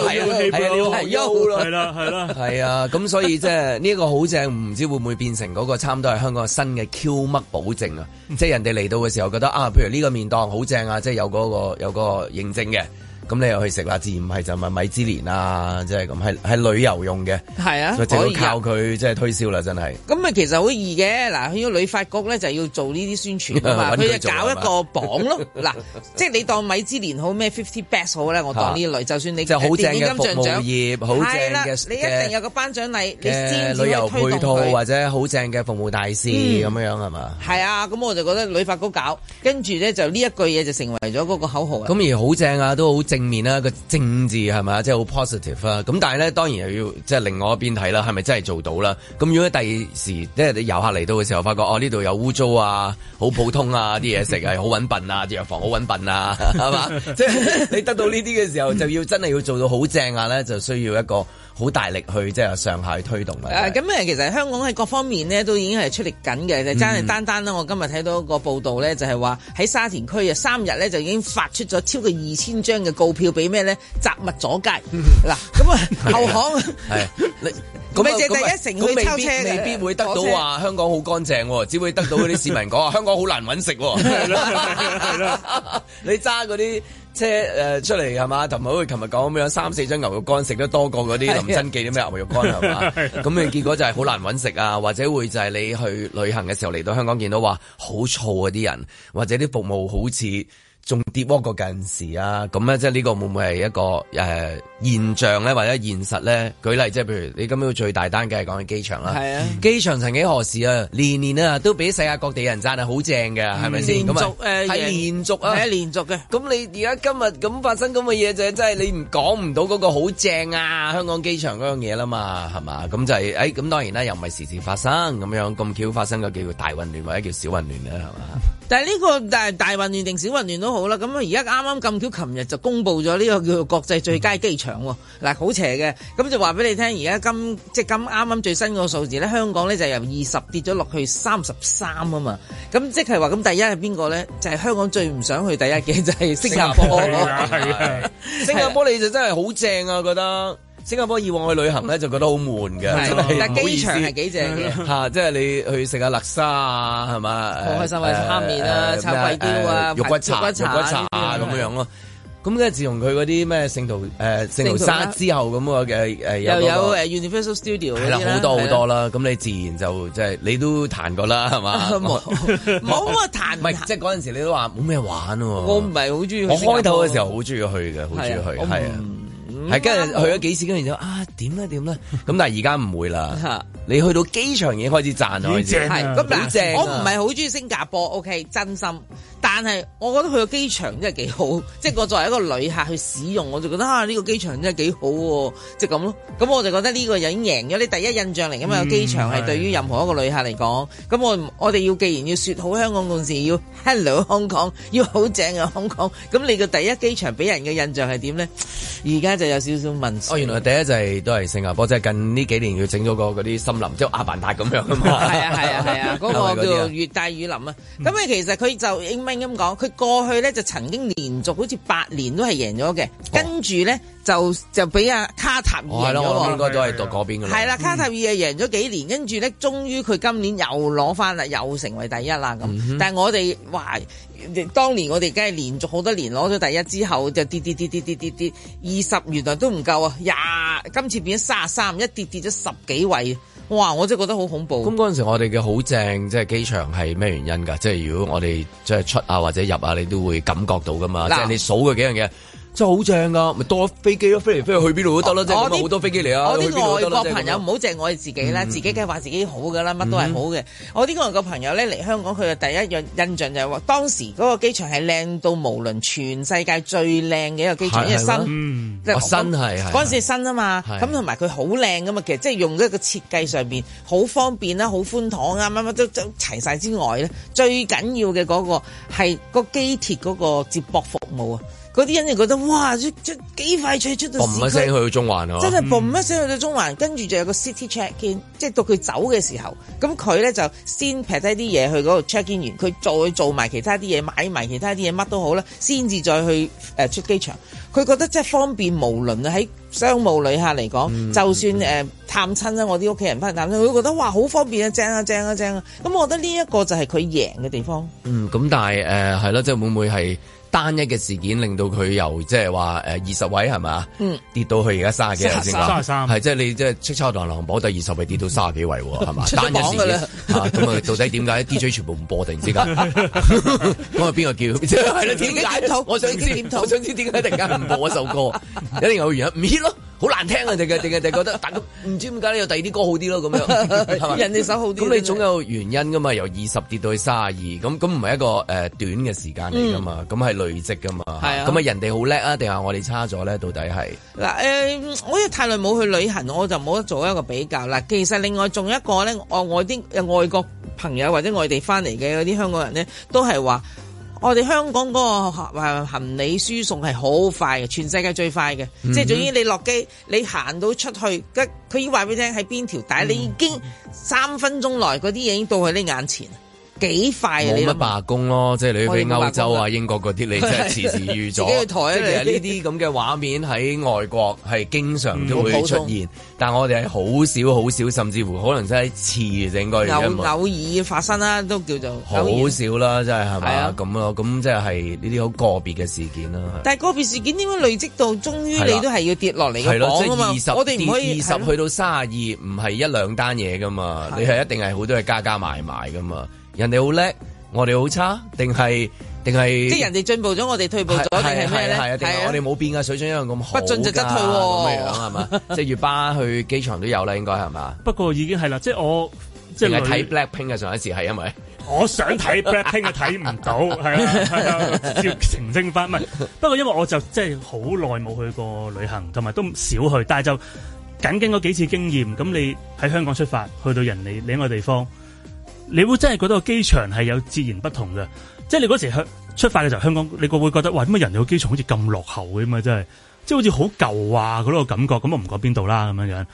Speaker 4: 啊，係啦，係啦，係啊，
Speaker 2: 咁所以即係呢個好正，唔知會唔會變成嗰個差唔多係香港新嘅 Q 嘜保證啊？即係人哋嚟到嘅時候覺得啊，譬如呢個麵檔好正啊，即係有嗰個有個認證嘅。咁你又去食啦？自然唔係就咪米芝蓮啊，即係咁係係旅遊用嘅，
Speaker 3: 係啊，就靠
Speaker 2: 佢即係推銷啦，真係，
Speaker 3: 咁咪其實好易嘅嗱，去咗旅發局咧就要做呢啲宣傳，啊嘛，佢就搞一個榜咯。嗱，即係你當米芝蓮好咩？Fifty Best 好咧，我當呢類，就算你就好正嘅服務業，好正啦，你一
Speaker 2: 定有
Speaker 3: 個頒獎禮嘅旅遊配套或者
Speaker 2: 好正嘅服務大使咁樣樣，係嘛？
Speaker 3: 係啊，咁我就覺得旅發局搞，跟住咧就呢一句嘢就成為咗嗰個口號，咁而
Speaker 2: 好正啊，都好正。正面啦，個政治係咪，即係好 positive 啊！咁但係咧，當然又要即係另外一邊睇啦，係咪真係做到啦？咁如果第二時即係你遊客嚟到嘅時候，發覺哦呢度有污糟啊，好普通啊，啲嘢 食係好揾笨啊，藥房好揾笨啊，係嘛？ 即係你得到呢啲嘅時候，就要真係要做到好正啊咧，就需要一個。好大力去即係上下去推動啦！誒
Speaker 3: 咁誒，其實香港喺各方面咧，都已經係出力緊嘅。就爭係單單啦，我今日睇到個報道咧，就係話喺沙田區啊，三日咧就已經發出咗超過二千張嘅告票俾咩咧？雜物阻街嗱，咁啊後巷
Speaker 2: 係，咁未借第一城都未必未必會得到話香港好乾淨，只會得到嗰啲市民講話香港好難揾食，係啦係啦，你揸嗰啲。車誒、呃、出嚟係嘛？同埋好似琴日講咁樣，三四張牛肉乾食得多過嗰啲林珍記啲咩牛肉乾係嘛？咁嘅結果就係好難揾食啊，或者會就係你去旅行嘅時候嚟到香港見到話好燥嗰啲人，或者啲服務好似。仲跌窩過近時啊，咁咧，即係呢個會唔會係一個誒、呃、現象咧，或者現實咧？舉例即係，譬如，你今日最大單嘅係講起機場啦，係是啊，機場曾幾何時啊，年年啊都俾世界各地人讚係好正嘅，係咪先？嗯、吧連續誒，係、呃、連續啊，係、啊、連續嘅。咁你而家今日咁發生咁嘅嘢，就真、是、係你唔講唔到嗰個好正啊，香港機場嗰樣嘢啦嘛，係嘛？咁就係、是、誒，咁、欸、當然啦，又唔係時時發生咁樣咁巧發生個叫大混亂或者叫小混亂啦，係嘛？
Speaker 3: 但係呢個大大混亂定小混亂都好啦，咁而家啱啱咁巧，琴日就公布咗呢個叫做國際最佳機場，嗱好、嗯啊、邪嘅，咁就話俾你聽，而家今即係今啱啱最新個數字咧，香港咧就由二十跌咗落去三十三啊嘛，咁即係話咁第一係邊個咧？就係、是、香港最唔想去第一嘅就係、是、新加坡，係啊係啊，
Speaker 2: 啊啊
Speaker 3: 新加坡你就真係好正啊，覺得。新加坡以往
Speaker 2: 去旅行咧，就覺得好悶㗎，但係機場係幾正嘅嚇，即係你去食下叻沙啊，係嘛？好開心啊！炒麵啊，炒粿條啊，肉骨茶、肉骨茶啊，咁樣樣咯。咁咧，自從佢嗰啲咩聖淘誒聖淘沙之後咁嘅又有誒
Speaker 3: Universal Studio 好多好多
Speaker 2: 啦。咁你自然就即係你都彈過啦，係嘛？冇冇話彈即係嗰陣時你都話冇咩玩喎。我唔係好中意。我開頭嘅時候好中意去嘅，好中意去係啊。
Speaker 3: 係跟住去咗幾
Speaker 2: 次，跟住就啊點啦點啦咁，但係而家唔會啦。 你去到機場已經開始賺啦，係咁我唔係
Speaker 3: 好中意新加坡，OK，真心。但係我覺得佢個機場真係幾好，即係我作為一個旅客去使用，我就覺得嚇呢個機場真係幾好喎，即係咁咯。咁我就覺得呢個人已贏咗你第一印象嚟㗎嘛。嗯，機場係對於任何一個旅客嚟講，咁我我哋要既然要説好香港故事，要 Hello 香港，要好正嘅香港，咁你個第一機場俾人嘅印象係點咧？而家就有少少問。哦，原
Speaker 2: 來第一就係都係新加坡，即係近呢幾年要整咗個嗰啲林即係阿凡達咁樣啊嘛，係啊係啊係啊，嗰、啊啊啊、 個叫
Speaker 3: 熱帶雨林啊。咁啊， 其實佢就英文咁講，佢過去咧就曾經連續好似八年都係贏咗嘅，跟住咧。哦就就俾阿卡塔爾贏咗、哦啊、應該都係讀
Speaker 2: 嗰邊噶啦、啊。卡塔
Speaker 3: 爾又贏咗幾年，跟住咧，終於佢今年又攞翻啦，又成為第一啦咁。但係我哋哇，當年我哋梗係連續好多年攞咗第一之後，就跌跌跌跌跌跌跌，二十原來都唔夠啊，廿今次變咗卅三，一跌跌咗十幾位，哇！我真係覺得好恐怖。咁
Speaker 2: 嗰陣時我哋嘅好正即係機場係咩原因㗎？即係如果我哋即係出啊或者入啊，你都會感覺到噶嘛？即係嘍你數嗰幾樣嘢。真係好正㗎，咪多飛機咯，飛嚟飛去去邊度都得啦。即係好多飛機嚟啊。我啲外國朋友唔好
Speaker 3: 淨係愛自己啦，自己梗係話自己好㗎啦，乜都係好嘅。我啲外國朋友咧嚟香港，佢嘅第一樣印象就係話，當時嗰個機場係靚到無論全世界最靚嘅一個機場，因為新，嗯，新係係嗰時新啊嘛。咁同埋佢好靚噶嘛，其實即係用一個設計上邊好方便啦，好寬敞啊，乜乜都都齊曬之外咧，最緊要嘅嗰個係個機鐵嗰個接駁服務啊。嗰啲人就覺得哇，Safe, 出出幾快脆出到市區，嘣一聲去到中環啊！真係嘣一聲去到中環，跟住就有個 city check in，即係到佢走嘅時候，咁佢咧就先撇低啲嘢去嗰度 check in 完，佢再做埋其他啲嘢，買埋其他啲嘢，乜都好啦，先至再去誒出機場。佢、嗯、覺得即係方便無論喺商務旅客嚟講，dime dime 就算誒、呃、探親啦，我啲屋企人翻嚟探親，佢覺得哇，好方便啊！正啊正啊正啊！咁我覺得呢一個就係佢贏嘅地方。
Speaker 2: 嗯，咁但係誒係咯，即係會唔會係？單一嘅事件令到佢由即係話誒二十位係嘛，跌到去而家卅幾人先講，係即係你即係出錯流行榜，第二十位跌到卅幾位係嘛？單一事件㗎啦，咁啊到底點解 DJ 全部唔播突然之間？咁啊邊個叫？係啦，點解我想知點想知點解突然間唔播一首歌，一定有原因，唔 hit 咯。好難聽啊！你嘅定係第覺得，但係唔知點解咧，有第二啲歌好啲咯，咁樣 人哋首好啲。咁 你總有原因噶嘛？由二十跌到去卅二，咁咁唔係一個誒、呃、短嘅時間嚟噶嘛？咁係、嗯、累積噶嘛？係是啊。咁啊，人哋好叻啊，定係我哋差咗咧？到底係
Speaker 3: 嗱？誒、呃，我又太耐冇去旅行，我就冇得做一個比較啦。其實另外仲有一個咧，我我啲外國朋友或者外地翻嚟嘅嗰啲香港人咧，都係話。我哋香港個個誒行李輸送係好快嘅，全世界最快嘅，mm hmm. 即係總之你落機，你行到出去，佢佢話俾你聽喺邊條帶，mm hmm. 你已經三分鐘內啲嘢已經到佢你眼前。幾快啊！冇乜罷
Speaker 2: 工咯，即係你去歐洲啊、英國嗰啲，你真係時時預咗。呢台呢啲咁嘅畫面喺外國係經常都會出現，但我哋係好少好少，甚至乎可能真係次整過嚟，啊偶偶
Speaker 3: 爾發生啦，都叫做好
Speaker 2: 少啦，真係係咪咁咯，咁即係呢啲好個別嘅事件啦。
Speaker 3: 但係個別事件點樣累積到，終於你都係要跌落嚟嘅榜啊嘛？二十去到
Speaker 2: 卅二，唔係一兩單嘢噶嘛？你係一定係好多係加加埋埋噶嘛？人哋好叻，我哋好差，定係定係？即係
Speaker 3: 人哋進步咗，我哋退步咗，定係咩咧？係定係我哋
Speaker 2: 冇變嘅水準一樣咁好，不進就則退喎、哦，咁樣係嘛？ 即係嶼巴去機場都有啦，應該係
Speaker 4: 嘛？ 不過已經係啦，即係我即係睇 blackpink 嘅上一次係因為 我想睇 blackpink 嘅睇唔到，係啦，直接澄清翻。不過因為我就即係好耐冇去過旅行，同埋都少去，但係就僅僅嗰幾次經驗，咁你喺香港出發去到人哋另一個地方。你會真係覺得個機場係有截然不同嘅，即係你嗰時出出發嘅時候香港，你會覺得喂，點解人哋個機場好似咁落後嘅嘛？真係，即係好似好舊啊嗰個感覺，咁我唔講邊度啦，咁樣樣，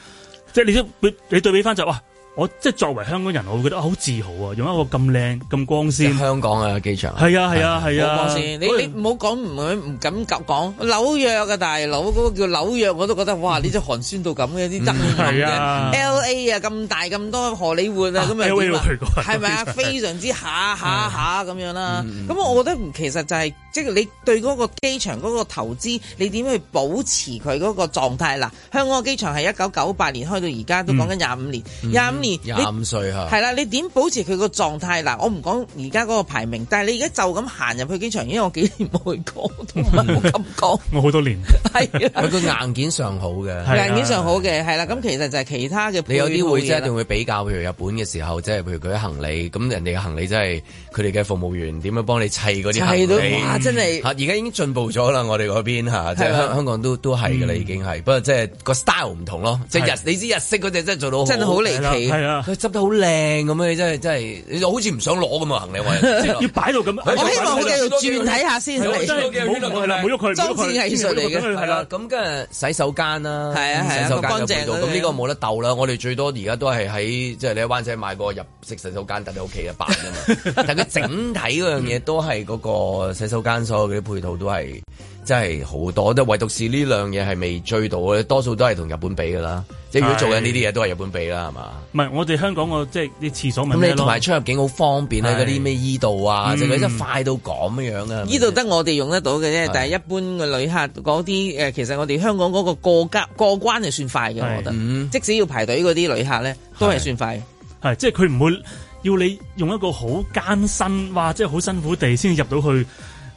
Speaker 4: 即係你都你對比翻就哇。我即係作為香港人，我會覺得好自豪啊！用一個咁靚、咁光鮮香港嘅機場，係啊係啊係啊！光鮮，啊啊啊啊啊啊、
Speaker 3: 你你唔好講唔敢及講紐約啊大佬，嗰、嗰個叫紐約我都覺得哇！你真寒酸到咁嘅啲德 L A、嗯、啊咁、啊、大咁多荷里活啊咁又點啊？係咪啊，啊？非常之下下下咁樣啦！咁我覺得其實就係即係你對嗰個機場嗰個投資，你點去保持佢嗰個狀態嗱？香港嘅機場係一九九八年開到而家都講緊廿五年廿五。廿五
Speaker 4: 歲吓，係啦，
Speaker 3: 你點保持佢個狀態？嗱，我唔講而家嗰個排名，但係你而家就咁行入去機場，因為我幾年冇去過
Speaker 4: 都唔冇敢講。我好多
Speaker 2: 年，係啦，佢個硬件上好嘅，硬件上好
Speaker 3: 嘅，係啦。咁其實就係其他嘅，你有機會一定
Speaker 2: 會比較，譬如日本嘅時候，即係譬如佢啲行李，咁人哋嘅行李即係佢哋嘅服務員點樣幫你砌嗰啲？砌到哇，真係而家已經進步咗啦，我哋嗰邊即係香港都都係噶啦，已經係。不過即係個 style 唔同咯，即係日你知日式嗰隻真係做到真係好離奇。係啊，佢執 得好靚，咁你真係真係，你就好似唔想攞咁啊行李位， 要擺到咁。我 希望佢繼續轉睇下先。係啦， 係啦，唔喐佢唔喐佢。裝設係其嘅係啦。咁跟住洗手間啦，係啊，係啊，咁乾淨。咁呢個冇得鬥啦。我哋最多而家都係喺即係你喺灣仔買過入食洗手間，等你屋企啊辦啊嘛。 但係佢整體嗰樣嘢都係嗰個洗手間所有嗰啲配套都係真係好多。就唯獨是呢樣嘢係未追到嘅，多數都係同日本比噶啦。即如果做緊呢啲嘢都係日本畀
Speaker 3: 啦，係嘛？
Speaker 4: 唔係我哋香港個即係啲廁所問題同埋出入境好方便的啊！嗰啲咩 e 道啊，就佢真係快到咁樣啊？e
Speaker 3: 道得我哋用得到嘅啫，的但係一般嘅旅客嗰啲誒，其實我哋香港嗰個過家過關係算快嘅，的我覺得，嗯、即使要排隊嗰啲旅客咧，都係算快。
Speaker 4: 係即係佢唔會要你用一個好艱辛哇，即係好辛苦地先入到去。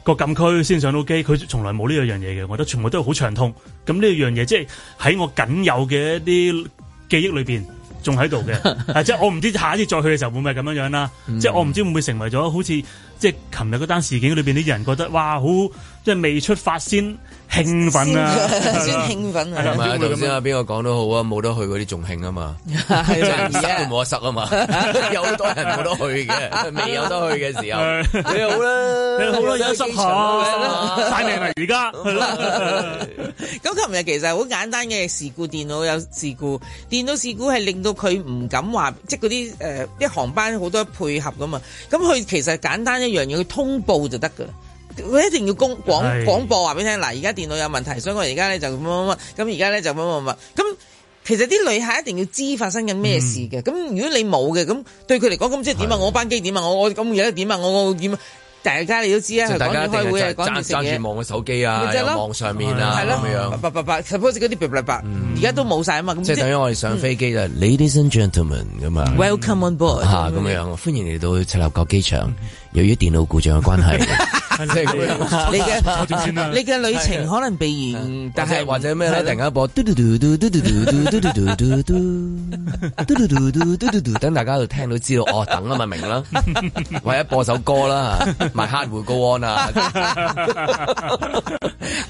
Speaker 4: 個禁區先上到機，佢從來冇呢樣嘢嘅，我覺得全部都係好暢通。咁呢樣嘢即係喺我僅有嘅一啲記憶裏邊，仲喺度嘅。 即係我唔知下一次再去嘅時候會唔會咁樣樣啦。嗯、即係我唔知會唔會成為咗好似即係琴日嗰單事件裏邊啲人覺得哇，好即係未出發先興奮啊！先興奮啊！係咪啊，頭先啊，
Speaker 2: 邊個講都好啊，冇得去嗰啲仲興啊嘛，係啊，冇得塞啊嘛，有好多人冇得去嘅，未有得去嘅時
Speaker 4: 候，
Speaker 3: 你好啦，你好啦，而家塞場，晒命啊，而家咁。琴日其實好簡單嘅事故，電腦有事故，電腦事故係令到佢唔敢話，即係嗰啲誒，啲航班好多配合噶嘛，咁佢其實簡單一樣嘢，佢通報就得噶啦。佢一定要公廣廣播話俾你聽，嗱，而家電腦有問題，所以我而家咧就乜乜乜，咁而家咧就乜乜乜，咁其實啲旅客一定要知發生緊咩事嘅。咁如果你冇嘅，咁對佢嚟講咁即係點啊？我班機點啊？我我咁而家點啊？我我點啊？大家你都知啊，講啲開會啊，講啲食嘢，望個手機
Speaker 2: 啊，網上面啊，咁樣。
Speaker 3: 白白白，特別是嗰啲白白白，而家都冇晒啊嘛。即係等於我哋上飛機啦，Ladies
Speaker 2: and gentlemen，咁啊，Welcome on board，咁樣，歡迎嚟到赤鱲角機場。由於電腦故障嘅關係，
Speaker 1: 你嘅你嘅旅
Speaker 3: 程可能被延誤，但係或者咩咧？突然
Speaker 2: 間播嘟嘟嘟嘟嘟嘟嘟嘟嘟嘟嘟嘟嘟嘟嘟嘟，等大家都聽到知道哦，等啊咪明啦，或者播首歌啦，咪《My Heart Will Go On》啊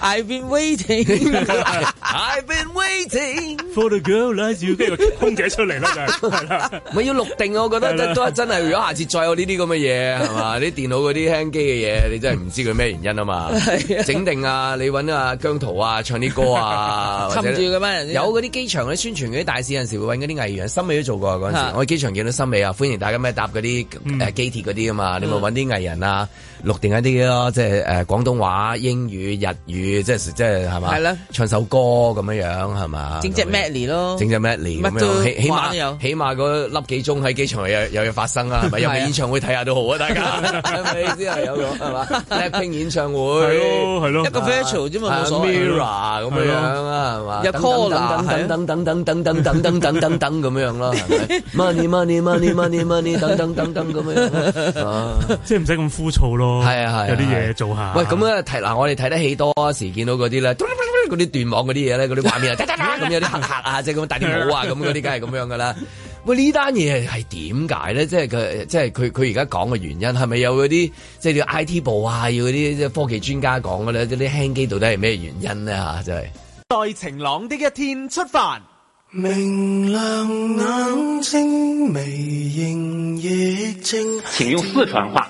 Speaker 2: ，I've been waiting，I've
Speaker 4: been waiting for the girl，又要個空姐出嚟啦，就係啦，
Speaker 2: 咪要錄定，我覺得都係真係，如果下次再有呢啲咁嘅嘢，係嘛？嗱，啲電腦嗰啲聽機嘅嘢，你真係唔知佢咩原因啊嘛， 整定啊，你揾啊姜濤啊唱啲歌啊，住嗰班有嗰啲機場嗰啲宣傳嗰啲大使，有時會揾嗰啲藝人，森美都做過嗰陣時，是啊、我喺機場見到森美啊，歡迎大家咩搭嗰啲誒機鐵嗰啲啊嘛，你咪揾啲藝人啊。錄定一啲咯，即係誒廣東話、英語、日語，即係即係係嘛？係咯，唱首歌咁樣樣係嘛？整隻
Speaker 3: Mandy 咯，整
Speaker 2: 隻 Mandy 咁樣樣，起起碼起碼個粒幾鐘喺機場又又有發生啦，係咪？有冇演唱會睇下都好啊，大
Speaker 4: 家係咪？意思係有個係嘛？聽
Speaker 2: 演唱會係咯係咯，一個 virtual 啫嘛，Mirror 咁樣樣啊係嘛？等等等等等等等等等等咁樣樣啦，Mandy Mandy Mandy Mandy Mandy 等等等等咁
Speaker 4: 樣即係唔使咁枯燥咯。係啊，係有啲嘢做下。喂，
Speaker 2: 咁啊，睇嗱，我哋睇得起多時，見到嗰啲咧，嗰啲斷網嗰啲嘢咧，嗰啲畫面嘆嘆啊，咁有啲黑客啊，即係咁戴啲帽啊，咁嗰啲梗係咁樣噶啦。喂、 嗯，呢單嘢係點解咧？即係佢，即係佢，佢而家講嘅原因係咪有嗰啲、就是，即係啲 I T 部啊，要嗰啲即係科技專家講嘅咧？啲輕機到底係咩原因咧？
Speaker 1: 嚇、啊，真、就、係、是。在晴朗的一天出發，明亮
Speaker 5: 眼睛微凝夜靜。
Speaker 1: 請用四川話。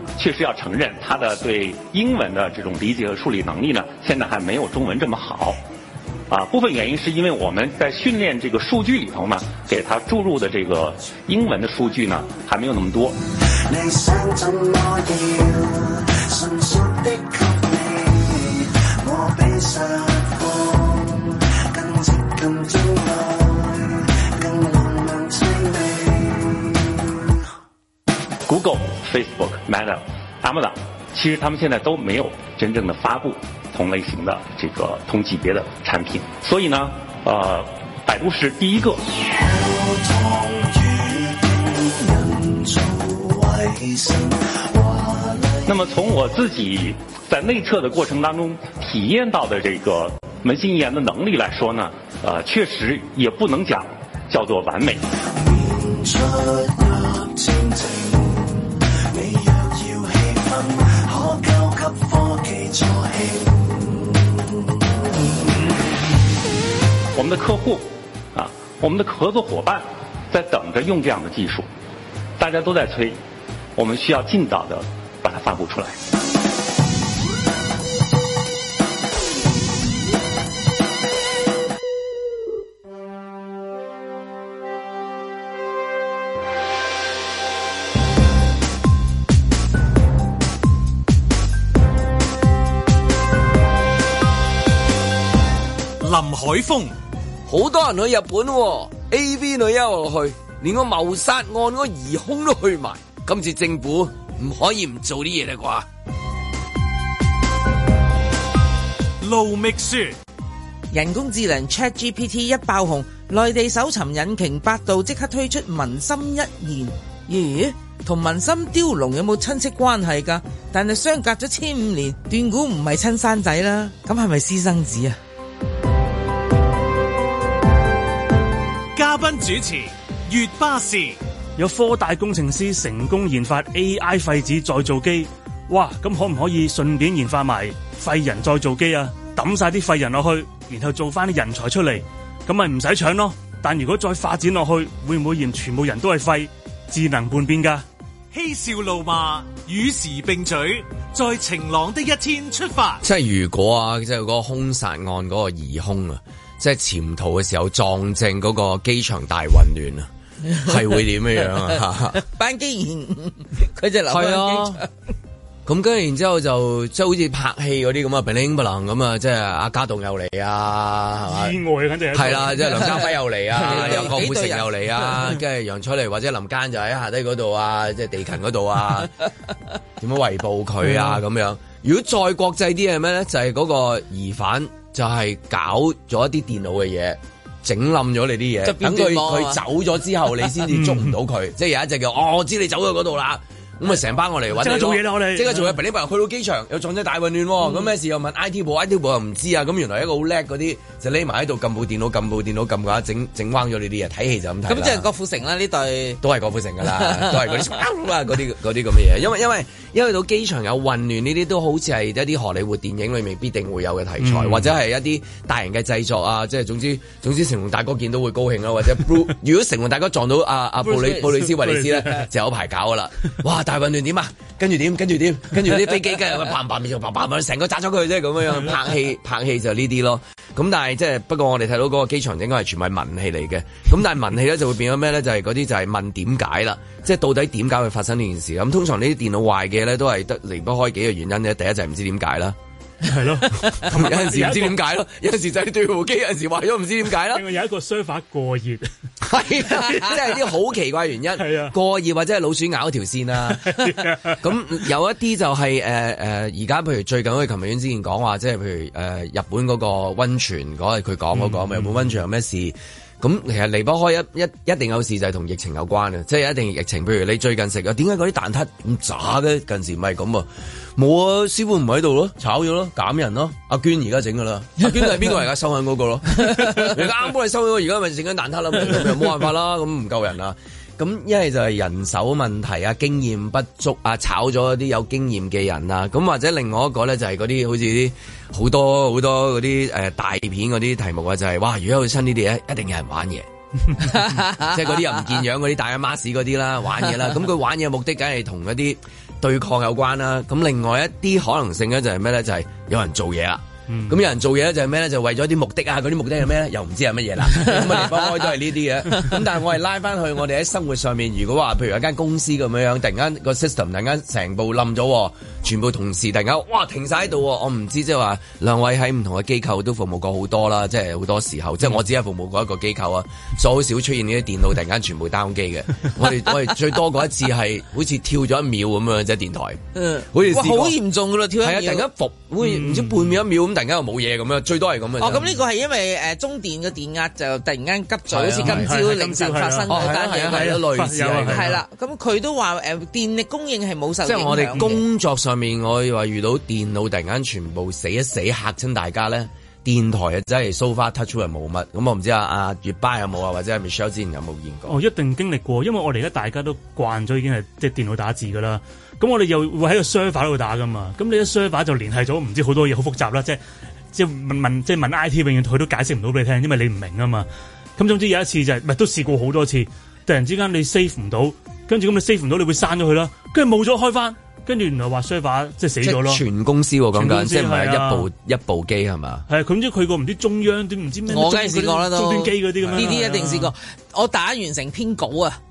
Speaker 1: 確實要承認，他的對英文的這種理解和處理能力呢，現在還沒有中文這麼好。啊，部分原因是因為我們在訓練這個數據裏頭呢，給他注入的這個英文的數據呢，還沒有那麼多。
Speaker 5: Google。
Speaker 1: Facebook、Meta、Amazon，其實他們現在都沒有真正的發布同類型的這個同級別的產品。所以呢，呃，百度是第一個。 那麼從我自己在內測的過程當中體驗到的這個文心一言的能力來說呢，呃，確實也不能講叫做完美。 我們的客戶，啊，我們的合作伙伴，在等着用這樣的技術，大家都在催，我們需要盡早的把它發布出來。
Speaker 2: 海風，好多人去日本、啊，A V 女優落去，連個謀殺案嗰疑兇都去埋。今次政府唔可以唔做啲嘢啦啩？
Speaker 3: 盧秘書，人工智能 Chat GPT 一爆紅，內地搜尋引擎百度即刻推出文心一言。咦？同文心雕龍有冇親戚關係噶？但係相隔咗千五年，斷估唔係親生仔啦。咁係咪私生子啊？
Speaker 1: 分主持月巴士
Speaker 4: 有科大工程師成功研發 AI 廢紙再造機，哇！咁可唔可以順便研發埋廢人再造機啊？抌晒啲廢人落去，然後做翻啲人才出嚟，咁咪唔使搶咯？但如果再發展落去，會唔會嫌全部人都係廢智能半邊噶？
Speaker 1: 嬉笑怒罵與時並舉，在晴朗的一天出發。
Speaker 2: 即係如果啊，即係嗰個凶殺案嗰個疑凶啊！即係潛逃嘅時候撞正嗰個機場大混亂啊，
Speaker 1: 係會
Speaker 2: 點嘅樣啊？
Speaker 3: 班機然佢就留喺機場
Speaker 2: 咁，跟住然之後就即係好似拍戲嗰啲咁啊，bling bling 咁啊，即係阿家棟又嚟啊，意外啊，反正係啦，即係梁家輝又嚟啊，又郭富城又嚟啊，跟住楊采妮或者林間就喺下低嗰度啊，即係地勤嗰度啊，點樣圍捕佢啊咁樣？如果再國際啲係咩咧？就係嗰個疑犯。就係搞咗一啲電腦嘅嘢，整冧咗你啲嘢。等佢旁邊 走咗之後， 你先至捉唔到佢。 即係有一隻叫，哦，我知你走咗嗰度啦。咁啊！成、 嗯、班我嚟揾得做嘢咯，我哋即刻做嘢。平啲去到機場又撞咗大混亂，咁咩、嗯、事又問 IT 部、啊，IT 部又唔知啊！咁原來一個好叻嗰啲就匿埋喺度，撳部電腦撳部電腦撳嘅整整彎咗你啲嘢，睇戲就咁睇咁即係
Speaker 3: 郭富城啦，呢對、嗯、
Speaker 2: 都係郭富城噶啦， 都係嗰啲嗰啲咁嘅嘢。因為因為因為到機場有混亂呢啲，都好似係一啲荷里活電影裏面必定會有嘅題材，嗯、或者係一啲大型嘅製作啊。即係總之總之，總之成龍大哥見到會高興啦。或者，如果成龍大哥撞到阿阿布里布里斯維利斯咧，就有排搞噶啦。哇！大混亂點啊？跟住點？跟住點？跟住啲飛機跟入去，啪啪啪就砰砰成個炸咗佢啫咁樣。拍戲拍戲就呢啲咯。咁但係即係，不過我哋睇到嗰個機場應該係全係文戲嚟嘅。咁但係文戲咧就會變咗咩咧？就係嗰啲就係問點解啦。即係到底點解會發生呢件事？咁通常呢啲電腦壞嘅嘢咧都係得離不開幾個原因咧。第一就係唔知點解啦。係咯， 有陣時唔知點解咯，有陣時就係斷胡姬，有
Speaker 4: 陣時話咗唔知點解啦。另外 有一個沙法，過 熱， 係
Speaker 2: 即係啲好奇怪原因，過熱或者係老鼠咬條線啦。咁有一啲就係誒誒，而、呃、家、呃、譬如最近我哋琴日先之前講話，即係譬如誒日本嗰個温泉嗰日，佢講嗰個，日本温泉有咩事？ 咁其實離不開一一一定有事就係同疫情有關嘅，即係一定疫情，譬如你最近食啊，點解嗰啲蛋撻咁渣嘅？近時唔係咁啊，冇啊，師傅唔喺度咯，炒咗咯，減人咯。阿娟而家整嘅啦， 阿娟係邊個而家收緊嗰個咯，而家啱幫你收咗，而家咪整緊蛋撻啦，冇 辦法啦，咁唔夠人啦！咁一係就係人手問題啊，經驗不足啊，炒咗一啲有經驗嘅人啊，咁或者另外一個咧就係嗰啲好似啲好多好多嗰啲誒大片嗰啲題目啊，就係、是、哇如果佢親呢啲嘢，一定有人玩嘢， 即係嗰啲又唔見樣嗰啲 大阿媽屎嗰啲啦，玩嘢啦，咁佢玩嘢目的梗係同一啲對抗有關啦，咁另外一啲可能性咧就係咩咧？就係、是、有人做嘢啦。咁、嗯、有人做嘢咧就係咩咧？就為咗啲目的啊！嗰啲目的係咩咧？又唔知係乜嘢啦。咁嘅地開都係呢啲嘅。咁但係我係拉翻去我哋喺生活上面。如果話譬如一間公司咁樣樣，突然間個 system 突然間成部冧咗，全部同事突然間哇停晒喺度。嗯、我唔知即係話兩位喺唔同嘅機構都服務過好多啦，即係好多時候，即係、嗯、我只係服務過一個機構啊。所好少出現呢啲電腦突然間全部 down 機嘅、嗯。我哋我哋最多嗰一次係 好似跳咗一秒咁樣，即係電台。
Speaker 3: 呃、好似試過。哇！好嚴
Speaker 2: 重噶啦，跳一秒！係啊！突然間伏，會唔知半秒一秒咁突然間又冇嘢咁樣，最多係咁樣。哦，咁
Speaker 3: 呢個係因為誒，中電嘅電壓就突然間急咗，好似今朝凌晨發生嗰單嘢係咯，類似嘅。係啦，咁佢都話誒，電力供應係冇受影響嘅。即係我哋工
Speaker 2: 作上面，我話遇到電腦突然間全部死一死，嚇親大家咧。電台啊，真係 touch wood 又冇乜，咁我唔知啊。阿月巴有冇啊？或者 Michelle 之前有冇見
Speaker 4: 過？哦，一定經歷過，因為我哋而家大家都慣咗，已經係即係電腦打字噶啦。咁我哋又會喺個 server 度打噶嘛，咁你一 server 就連係咗唔知好多嘢，好複雜啦，即係即係問即係問，問 IT，永遠佢都解釋唔到俾你聽，因為你唔明啊嘛。咁總之有一次就係、係，唔係都試過好多次，突然之間你 save 唔到，跟住咁你 save 唔到，你會刪咗佢啦，跟住冇咗開翻，跟住原來話 server 即係死咗
Speaker 2: 咯。全公司喎，講緊即係一部、啊、一部一部機係嘛？
Speaker 4: 係啊，咁之佢個唔知中央啲唔知咩，我梗係試過啦都，終端機
Speaker 3: 嗰啲咁樣。呢啲一定試過，我打完成篇稿啊。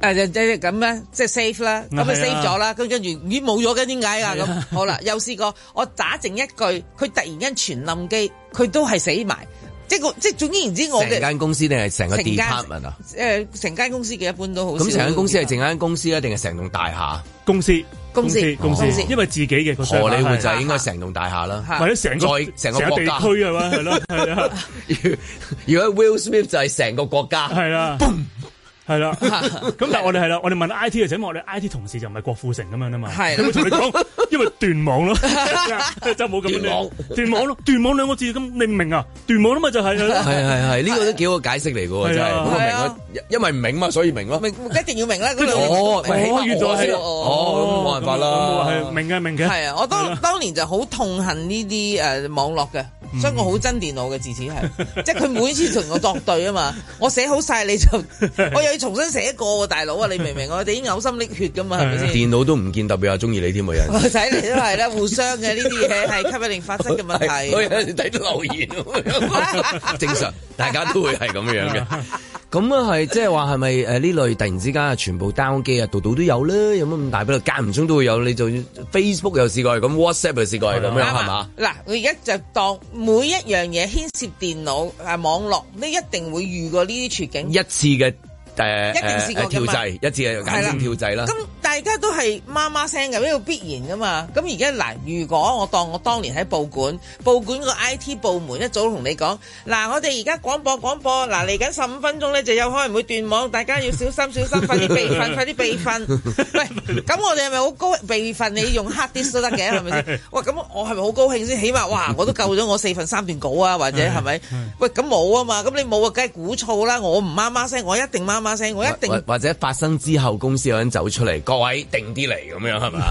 Speaker 3: 誒，就即係咁咧，即係 save 啦，咁咪 save 咗啦，咁跟住咦，冇咗嘅，點解啊？咁好啦，又試過我打剩一句，佢突然間全冧機，佢都係死埋，即係個即係總言之，我嘅間
Speaker 2: 公司定係成個 department 啊？
Speaker 3: 誒，成間公司嘅一般都好。咁成間公司
Speaker 2: 係成間公司啊，定係成棟大廈？公
Speaker 4: 司
Speaker 3: 公司公司，
Speaker 2: 因為自己嘅個商。荷里活就應該成棟大廈啦，或者成個成個地區係嘛？係咯，係啊。
Speaker 4: 如
Speaker 2: 果 Will Smith 就係成個國家，
Speaker 4: 係啦，boom。係啦，咁但係我哋係啦，我哋問 I T 嘅，請問我哋 I T 同事就唔係郭富城咁樣啦嘛，佢會同你講，因為斷網咯，就冇咁樣斷網，斷網咯，斷網兩個字咁你明啊？斷網啦嘛就係，
Speaker 2: 係係係，呢個都幾好解釋嚟噶喎，真係，我明啊，因為唔明嘛，所以明
Speaker 3: 咯，一定要明啦，哦，我越咗先，哦，冇辦法啦，明嘅明嘅，係啊，我當當年就好痛恨呢啲誒網絡嘅。嗯、所以我好憎電腦嘅，自此係，嗯、即係佢每次同我作對啊嘛， 我寫好晒，你就， 我又要重新寫一個、啊，大佬啊，你明唔明 我哋已經嘔心瀝血噶嘛，係咪先？ 電
Speaker 2: 腦都唔見特別話中意你添啊！我睇你
Speaker 3: 都係啦，互相嘅呢啲嘢係吸引定發生嘅問題。我睇到留言，
Speaker 2: 正常，大家都會係咁樣嘅。 咁啊，係即係話係咪誒呢類突然之間啊，全部 down 機啊，度度都有咧，有乜咁大不了？間唔中都會有，你就 Facebook 又試過，咁 WhatsApp 又試過，係咁樣係嘛？
Speaker 3: 嗱吧，我而家就當每一樣嘢牽涉電腦誒網絡，你一定會遇過呢啲處境。一
Speaker 2: 次嘅。誒但一個跳掣，一次又簡單跳掣啦。咁、嗯
Speaker 3: 嗯、大家都係媽媽聲嘅，呢個必然嘅嘛。咁而家嗱，如果我當我當年喺報館，報館個 I T 部門一早同你講，嗱，我哋而家廣播廣播，嗱嚟緊十五分鐘咧，就有可能會斷網，大家要小心小心，快啲備份，快啲備份。 喂，咁我哋係咪好高興備份？你用 Hard Disk 都得嘅，係咪先？ 喂，咁我係咪好高興先？起碼哇，我都救咗我四份三段稿啊，或者係咪？是是 喂，咁冇啊嘛，咁你冇啊，梗係鼓噪啦。我唔媽媽聲，我一定媽媽。 我一定
Speaker 2: 或者發生之後，公司有人走出嚟，各位定啲嚟咁樣係嘛？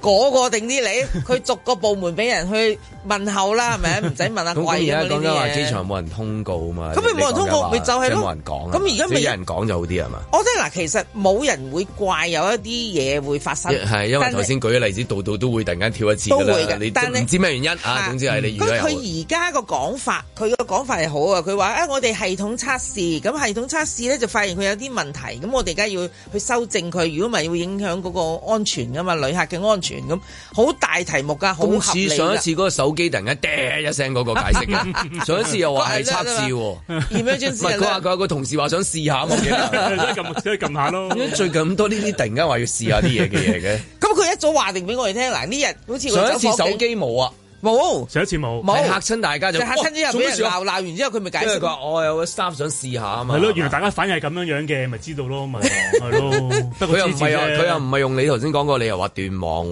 Speaker 3: 嗰個定啲嚟，佢逐個部門俾人去問候啦，係咪？唔使問啊。咁而家講緊話機場冇
Speaker 2: 人通告嘛？咁你冇人通告，咪就係咯。冇人講咁而家咪有人講就好啲係嘛？
Speaker 3: 我即係嗱，其實冇人會怪有一啲嘢會發生。係因為頭先
Speaker 2: 舉嘅例子，度度都會突然間跳一
Speaker 3: 次啦。都會嘅，但係唔知
Speaker 5: 咩原因啊。總之係你。佢而
Speaker 3: 家個講法，佢個講法係好啊。佢話：啊，我哋系統測試，咁系統測試咧就發現佢有。啲問題咁，我哋而家要去修正佢。如果唔係，會影響嗰個安全噶嘛，旅客嘅安全咁，好大題目噶，好似上一次
Speaker 2: 嗰個手機突然間嗲一聲嗰個解釋嘅， 上一次又話係測試。唔係佢話佢有個同事話想試下，即係撳，即係撳下咯。最近咁多呢啲突然間話要試下啲嘢嘅嘢嘅，
Speaker 3: 咁佢 一早話定俾我哋聽嗱，呢日好似上一次手
Speaker 4: 機冇啊。冇上一次冇，
Speaker 3: 冇嚇親大家就嚇親之後俾人鬧，鬧完之後佢
Speaker 4: 咪解釋過我有個 staff 想試下啊嘛，係咯，原來大家反應係咁樣樣嘅，咪知道咯，咪
Speaker 2: 係咯。佢又唔係佢又唔係用你頭先講過，你又話斷網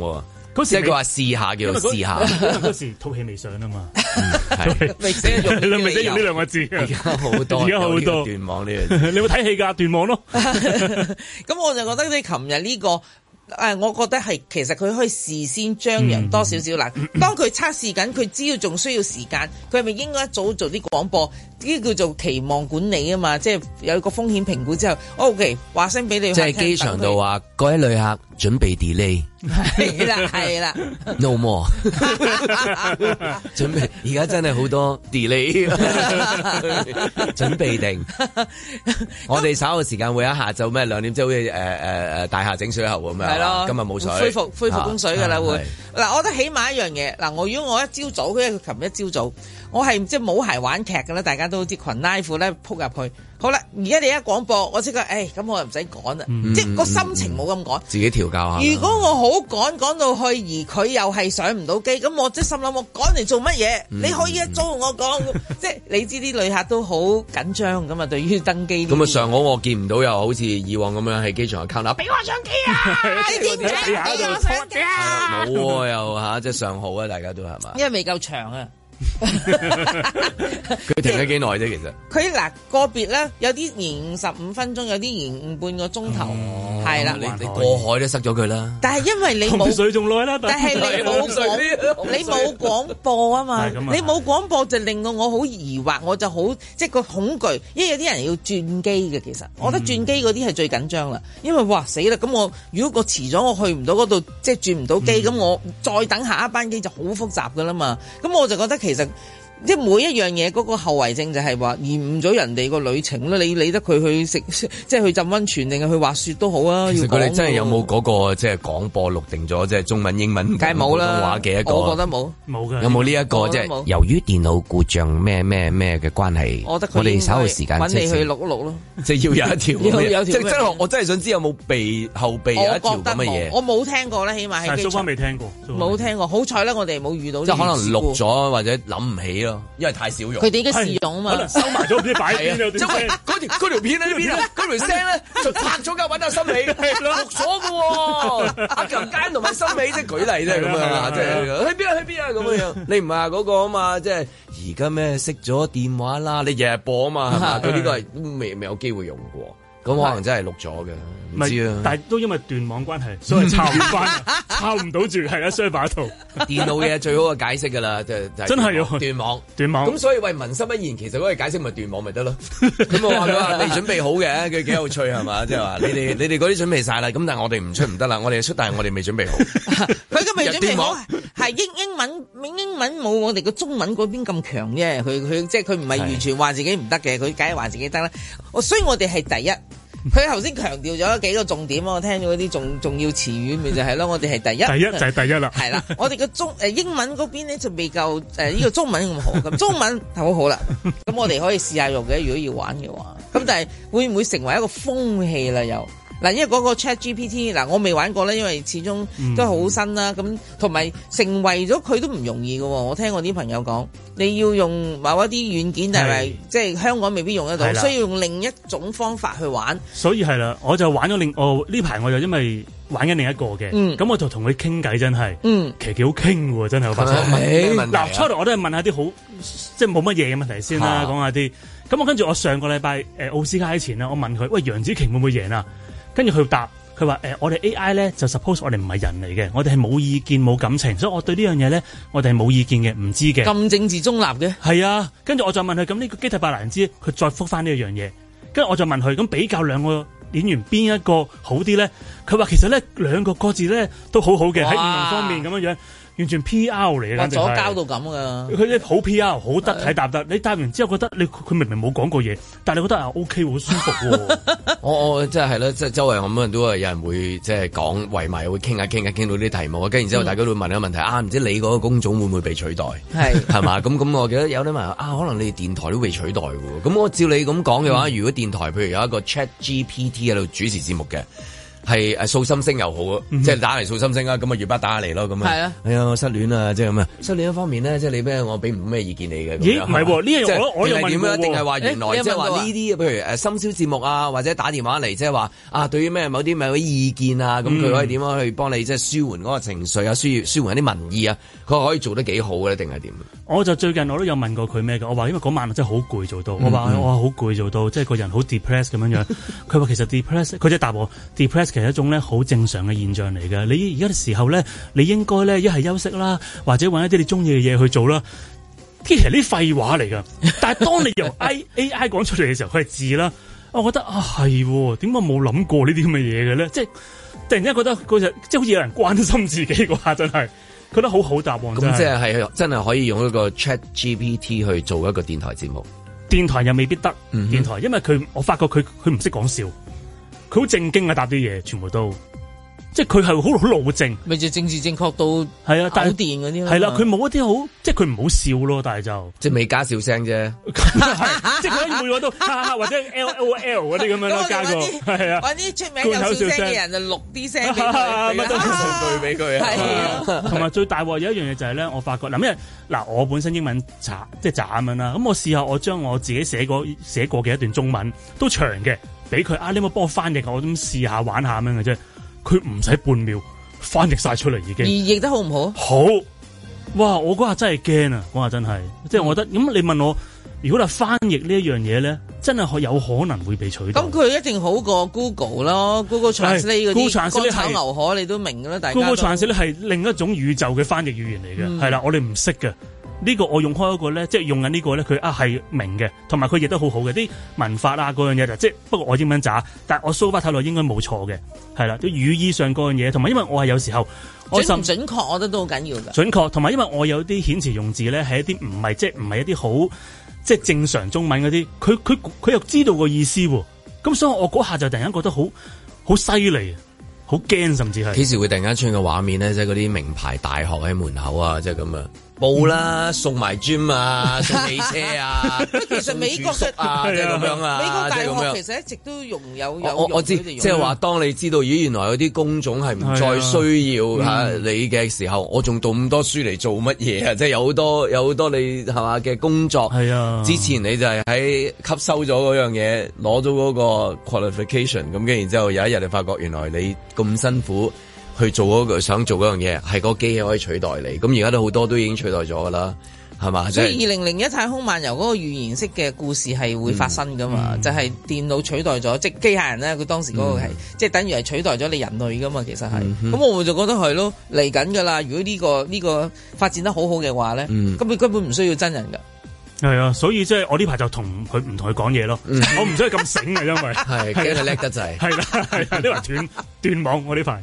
Speaker 2: 嗰時，即係佢話試下
Speaker 4: 叫做試下，嗰時套戲未上啊嘛，未使用呢兩個字，而家好多而家好多斷網呢樣，你會睇戲噶斷網咯。
Speaker 3: 咁我就覺得你琴日呢個。誒，uh, 我覺得係其實佢可以事先張揚多少少啦。Mm hmm. 當佢測試緊，佢知道仲需要時間，佢係咪應該一早做啲廣播？呢啲叫做期望管理啊嘛，即係有個風險評估之後，OK，話聲俾你。即係機場度話，
Speaker 2: 各位旅客準備 delay。
Speaker 3: 係啦，係啦，no more。
Speaker 2: 準備，而家 No more. 真係好多 delay。 準備定， 那我哋稍後時間會喺下晝咩兩點即係好似誒誒誒大廈整水喉咁樣。係咯的，今日冇水，恢復恢復供水噶啦會。
Speaker 3: 嗱，我覺得起碼一樣嘢，嗱，我如果我一朝早，上早上，因為佢琴日一朝早，上早上。我係即係冇鞋玩劇㗎啦，大家都啲裙拉褲咧撲入去，好啦。而家你一廣播，我即刻，誒，咁我又唔使趕啦，即係個心情冇咁趕。
Speaker 2: 自己調教下。如
Speaker 3: 果我好趕，趕到去而佢又係上唔到機，咁我即係心諗，我趕嚟做乜嘢？你可以啊，做我講，即係你知啲旅客都好緊張噶嘛，對於登機。咁啊，
Speaker 2: 上好我見唔到，又好似以往咁樣喺機場去卡拿。俾
Speaker 1: 我上機啊！啲記者，俾
Speaker 3: 我上機。冇啊，
Speaker 2: 又吓，即係上好啊，大家都係嘛？因
Speaker 3: 為未夠長啊。
Speaker 2: 佢 停咗幾耐啫，其實
Speaker 3: 佢嗱個別咧，有啲延十五分鐘，有啲延半個鐘頭，係、哦、啦，你你過海都塞咗佢啦。但係因為你冇水仲耐啦，等等但係你冇水，你冇廣播啊嘛，水你冇廣播就令到我好疑惑，我就好即係個恐懼，因為有啲人要轉機嘅，其實我覺得轉機嗰啲係最緊張啦，因為哇死啦，咁我如果個遲咗我去唔到嗰度，即係轉唔到機，咁、嗯、我再等下一班機就好複雜噶啦嘛，咁我就覺得。其實。即係每一樣嘢，嗰個後遺症就係話延誤咗人哋個旅程咯。你理得佢去食，即係去浸溫泉定係去滑雪都好啊。其實你真係有冇
Speaker 2: 嗰個即係廣播錄定咗即係中文、英文、梗係冇啦，廣東話嘅一個？我覺得冇，冇有冇呢一個即係由於電腦故障咩咩咩嘅關係？我哋稍為時間搵你去錄一錄咯。
Speaker 3: 即係要有一條，即係真係，
Speaker 2: 我真係想知有冇備後備一條乜嘢。我
Speaker 3: 冇聽過咧，起碼係蘇生未
Speaker 2: 聽過，
Speaker 3: 冇聽過。好彩咧，我哋冇遇到即可能錄
Speaker 2: 咗或者諗唔起。因為太少用，
Speaker 3: 佢哋嘅試用啊嘛，收埋咗唔知擺邊啊，因為嗰條嗰條片咧，嗰條聲咧就拍咗架揾到森
Speaker 2: 美，熟索嘅喎，阿牛間同埋森美即係舉例啫，咁啊，即係去邊啊去邊啊咁樣，你唔係啊嗰個啊嘛，即係而家咩熄咗電話啦，你日日播啊嘛，佢呢個係未未有機會用過。咁可能真係錄咗嘅，唔是知
Speaker 4: 啊！但係都因為斷網關係，所以抄唔
Speaker 2: 翻，抄唔 到住，係啦，所以把圖電腦嘢，最好嘅解釋噶啦，即係真係要斷網，斷網咁，所以為文心一言，其實嗰個解釋咪斷網咪得咯？咁 我話你話未準備好嘅，佢幾有趣係嘛？即係話你哋你哋嗰啲準備晒，啦，咁但係我哋唔出唔得啦，我哋出但係我哋未準備好，
Speaker 3: 佢都 未準備好。網 英英文英文冇我哋個中文嗰邊咁強啫，佢佢即係佢唔係完全話自己唔得嘅，佢梗係話自己得啦。所以我哋係第一。佢頭先強調咗幾個重點，我聽咗啲重重要詞語咪就係咯，我哋係第一。第一就係第一啦。係啦，我哋個中誒英文嗰邊咧就未夠誒呢個中文咁好，咁中文係好好啦。咁我哋可以試下用嘅，如果要玩嘅話。咁但係會唔會成為一個風氣啦？又？嗱，因為嗰個 ChatGPT 嗱，我未玩過咧，因為始終都好新啦。咁同埋成為咗佢都唔容易嘅。我聽我啲朋友講，你要用某一啲軟件，但係即係香港未必用得到，需要用另一種方法去玩。
Speaker 4: 所以係啦，我就玩咗另哦呢排我就因為玩緊另一個嘅，咁我就同佢傾偈，真係其實幾好傾喎，真係。嗱初頭我都係問下啲好即係冇乜嘢嘅問題先啦，講下啲咁。我跟住我上個禮拜誒奧斯卡之前啦，我問佢喂，楊紫瓊會唔會贏啊？跟住佢答，佢話誒，我哋 A I 咧，就 suppose 我哋唔係人嚟嘅，我哋係冇意見冇感情，所以我對呢樣嘢咧，我哋係冇意見嘅，唔知嘅。咁政治中立嘅？係啊，跟住我再問佢，咁呢個基泰白蘭芝？佢再覆翻呢樣嘢，跟住我再問佢，咁比較兩個演員邊一個好啲咧？佢話其實咧兩個各自咧都好好嘅，喺唔哇同方面咁樣樣。完全 P.R. 嚟，阻交
Speaker 3: 到咁噶。佢
Speaker 4: 啲好 P.R. 好得，睇答得。你答完之後覺得你佢明明冇講過嘢，但你覺得啊 O.K.，好舒服 我。
Speaker 3: 我我即係係咯，即係周
Speaker 4: 圍我乜
Speaker 2: 都係有人會即係講圍埋，會傾下傾下傾到啲題目跟然之後大家都會問一個問題、嗯、啊，唔知你嗰個工種會唔會被取代？係係嘛？咁咁，嗯 嗯、我記得有啲問啊，可能你電台都被取代喎。咁我照你咁講嘅話，如果電台譬如有一個 Chat GPT 喺度主持節目嘅。係誒掃心聲又好，即係打嚟掃心聲啊，咁啊月巴打嚟咯，咁啊係啊，係啊失戀啊，即係咁啊失戀一方面咧，即係你咩？我俾唔到咩意見你嘅？咦，唔係喎，呢樣我我我又點樣？定係話原來即係話呢啲，譬如誒深宵節目啊，或者打電話嚟，即係話啊，對於咩某啲咩意見啊，咁佢可以點樣去幫你即係舒緩嗰個情緒啊，舒緩啲民意啊，佢可以做得幾好嘅。定係點？
Speaker 4: 我就最近我都有問過佢咩，我話因為嗰晚真係好攰做到，我話我好攰做到，即係個人好 depress 咁樣樣。佢話其實 depress 佢就答我 depress 其實一種咧好正常嘅現象嚟嘅，你而家嘅時候咧，你應該咧一係休息啦，或者搵一啲你中意嘅嘢去做啦。其實啲廢話嚟噶，但係當你由 AI 講出嚟嘅時候，佢係字啦。我覺得啊係，點解冇諗過呢啲咁嘅嘢嘅咧？即係突然之間覺得嗰日即係好似有人關心自己嘅話，真係覺得好好答案。咁即係係真係可以用一個 ChatGPT 去做一個電台節目，電台又未必得。電台因為佢，我發覺佢佢唔識講笑。好正經啊，答啲嘢，全部都，即係佢係好好老正，
Speaker 3: 咪就政治正確到
Speaker 4: 係啊，搞電
Speaker 3: 嗰啲，係啦，佢
Speaker 4: 冇一啲好，即係佢唔好笑咯，但係就即係未加笑聲啫，
Speaker 1: 即係佢每
Speaker 3: 個都或者
Speaker 4: L O L 嗰啲咁樣咯，加個係啊，揾
Speaker 3: 啲出名有笑聲嘅人就錄啲聲俾佢，乜都成句俾佢啊，
Speaker 4: 同埋最大鑊有一樣嘢就係咧，我發覺嗱，因為嗱我本身英文渣，即係渣咁樣啦，咁我試下我將我自己寫過寫過嘅一段中文都長嘅。俾佢啊！你有冇幫我翻譯啊？我咁試下玩下咁樣嘅,啫，佢唔使半秒翻譯晒出嚟已經。而
Speaker 3: 譯得好唔好？
Speaker 4: 好！哇！我嗰下真係驚啊！嗰下真係，即、就、係、是、我覺得咁、嗯、你問我，如果嚟翻譯呢一樣嘢咧，真係有可能會被取代。咁
Speaker 3: 佢、嗯、一定好過 Google 咯，Google Translate 炒牛河。Google Translate 你都明噶啦，大家。Google Translate
Speaker 4: 係另一種宇宙嘅翻譯語言嚟嘅，係啦、嗯，我哋唔識嘅。呢個我用開一個咧，即係用緊呢個咧，佢啊係明嘅，同埋佢譯得好好嘅啲文法啊嗰樣嘢就，即係不過我英文渣，但係我搜巴睇落應該冇錯嘅，係啦，啲語義上嗰樣嘢，同埋因為我係有時候，我準唔準
Speaker 3: 確，我覺得都好緊要噶。準
Speaker 4: 確，同埋因為我有啲遣詞用字咧，係一啲唔係即係唔係一啲好即係正常中文嗰啲，佢佢佢又知道個意思喎，咁所以我嗰下就突然間覺得好好犀利，好驚甚至係。幾時會突然間出現個畫面咧？即係嗰啲名牌大學喺門口
Speaker 2: 啊，即係咁樣！冇啦，送埋 gym 啊，送汽車
Speaker 3: 啊，送住宿啊，即係咁樣啊。美國大學其實一直都擁有有，我我知，即係話
Speaker 2: 當你知道咦，原來有啲工種係唔再需要吓你嘅時候，我仲讀咁多書嚟做乜嘢啊？即係有好多有好多你係嘛嘅工作，之前你就係喺吸收咗嗰樣嘢，攞咗嗰個 qualification，咁跟住然之後有一日你發覺原來你咁辛苦。去做嗰、嗰個想做嗰樣嘢，係個機器可以取代你。咁而家都好多都已經取代咗噶啦，係嘛？所以二
Speaker 3: 零零一太空漫遊嗰個預言式嘅故事係會發生噶嘛？嗯、就係電腦取代咗，即係機械人咧。佢當時嗰個係、嗯、即係等於係取代咗你人類噶嘛？其實係咁，嗯、哼我咪就覺得係咯，嚟緊噶啦。如果呢、呢個呢、呢個發展得好好嘅話咧，嗯、根本根本唔需要真人噶。
Speaker 4: 係啊、嗯，嗯、所以即係我呢排就同佢唔同佢講嘢咯。嗯、我唔想
Speaker 3: 咁醒嘅，因為
Speaker 4: 係機器叻得滯。
Speaker 3: 係啦、嗯，呢排斷
Speaker 4: 斷網，我呢排。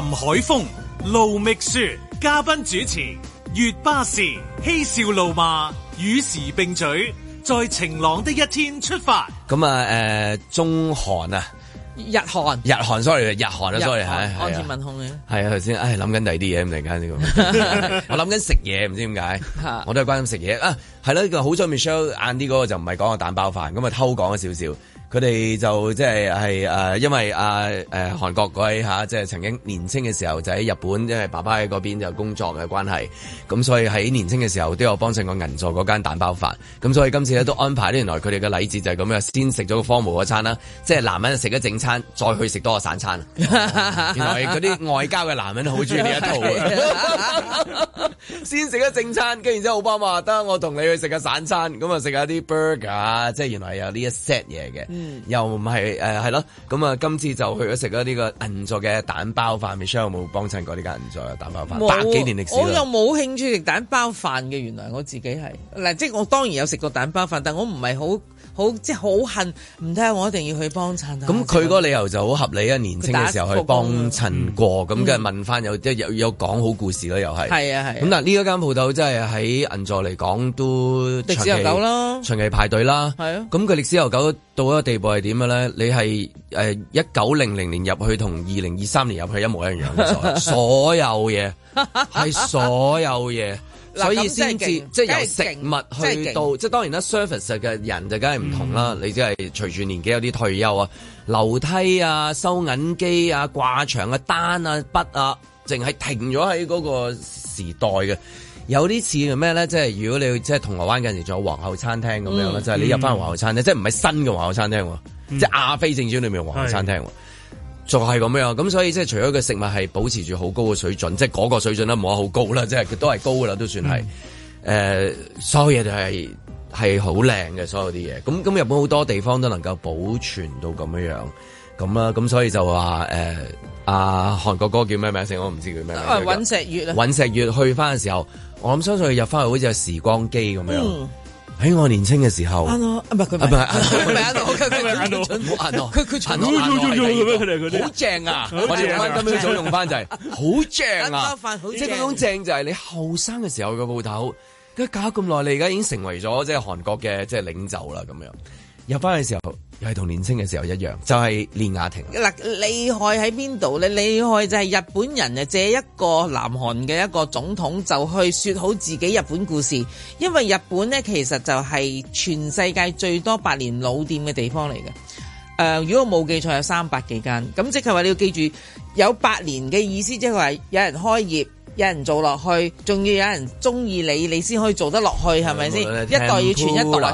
Speaker 1: 林海峰、盧覓雪嘉賓主持，月巴士嬉笑怒罵，與時並舉，在晴朗的一天出發。
Speaker 2: 咁啊，誒、呃，中韓啊，
Speaker 1: 日韓韓，
Speaker 2: 日韓 sorry，日韓啊 sorry 吓，韓對安天文空嘅係啊，頭先唉，諗緊第二啲嘢咁突然間呢個，我諗緊食嘢，唔知點解，我都係關心食嘢啊，係咯，好彩 Michelle 晏啲嗰個就唔係講個蛋包飯，咁啊偷講咗少少。佢哋就即係係誒，因為阿誒韓國嗰位吓，即係曾經年輕嘅時候就喺日本，因為爸爸喺嗰邊有工作嘅關係，咁所以喺年輕嘅時候都有幫襯過銀座嗰間蛋包飯，咁所以今次咧都安排，呢，原來佢哋嘅禮節就係咁嘅，先食咗個方謬嗰餐啦，即係男人食咗正餐，再去食多個散餐，
Speaker 3: 原來嗰
Speaker 2: 啲外交嘅男人好中意呢一套
Speaker 4: 嘅，
Speaker 2: 先食咗正餐，跟住之後奧巴馬得我同你去食個散餐，咁啊食下啲 burger，即係原來有呢一 set 嘢嘅。 又唔係誒係咯，咁、嗯、啊、嗯嗯、今次就去咗食咗呢個銀座嘅蛋包飯，Michelle、嗯、有冇幫襯過呢間銀座嘅蛋包飯？有百幾年歷史，我又
Speaker 3: 冇興趣食蛋包飯嘅，原來我自己係嗱，即係我當然有食過蛋包飯，但我唔係好。好即係好恨，唔聽我一定要去幫襯。咁
Speaker 2: 佢嗰個理由就好合理啊，年輕嘅時候去幫襯過咁跟，問翻有即係有有講好故事咯，又係。係啊係。咁但係呢一間鋪頭真係喺銀座嚟講都歷史悠久咯，長期排隊啦。係啊。咁佢歷史悠久到一個地步係點嘅咧？你係誒一九零零年入去同二零二三年入去一模一樣嘅所有嘢，
Speaker 3: 係所有嘢。所以先至即係由食
Speaker 2: 物去到，即係、嗯、當然啦。service 嘅人就梗係唔同啦。你即係隨住年紀有啲退休啊，樓梯啊、收銀機啊、掛牆啊，單啊、筆啊，淨係停咗喺嗰個時代嘅。有啲似咩咧？即係如果你即係銅鑼灣嗰陣時仲有皇后餐廳咁樣啦，嗯、就係你入翻皇后餐廳，嗯、即係唔係新嘅皇后餐廳，嗯、即係阿飛正傳裏面嘅皇后餐廳。嗯就係咁樣，咁所以即係除咗個食物係保持住好高嘅水準，即係嗰個水準咧冇話好高啦，即係佢都係高噶啦，都算係。誒、嗯呃，所有嘢就係係好靚嘅，所有啲嘢。咁咁日本好多地方都能夠保存到咁樣樣，咁啦，咁所以就話誒、呃，啊，韓國歌叫咩名？我唔知叫咩。啊，隕
Speaker 3: 石月啊！隕
Speaker 2: 石月去翻嘅時候，我諗相信佢入翻去好似有時光機咁樣。嗯喺我年青嘅時候，
Speaker 3: 阿 no，唔係佢唔係阿 no，好正啊！我哋啱啱做用翻就係
Speaker 2: 好正，即係嗰種正就係你後生嘅時候嘅鋪頭，佢搞咁耐，你而家已經成為咗即係韓國嘅即係領袖啦，咁樣入翻嘅時候。又係同年青嘅時候一樣，就係練雅婷。
Speaker 3: 嗱，厲害喺邊度呢？厲害就係日本人，借一個南韓嘅一個總統就去説好自己日本故事，因為日本呢其實就係全世界最多百年老店嘅地方嚟嘅。誒、呃，如果我冇記錯，有三百幾間。咁即係話你要記住，有百年嘅意思，即係話有人開業。有人做落去，仲要有,有人中意你，你先可以做得落去，係咪先？Ura, 一代要傳一代，係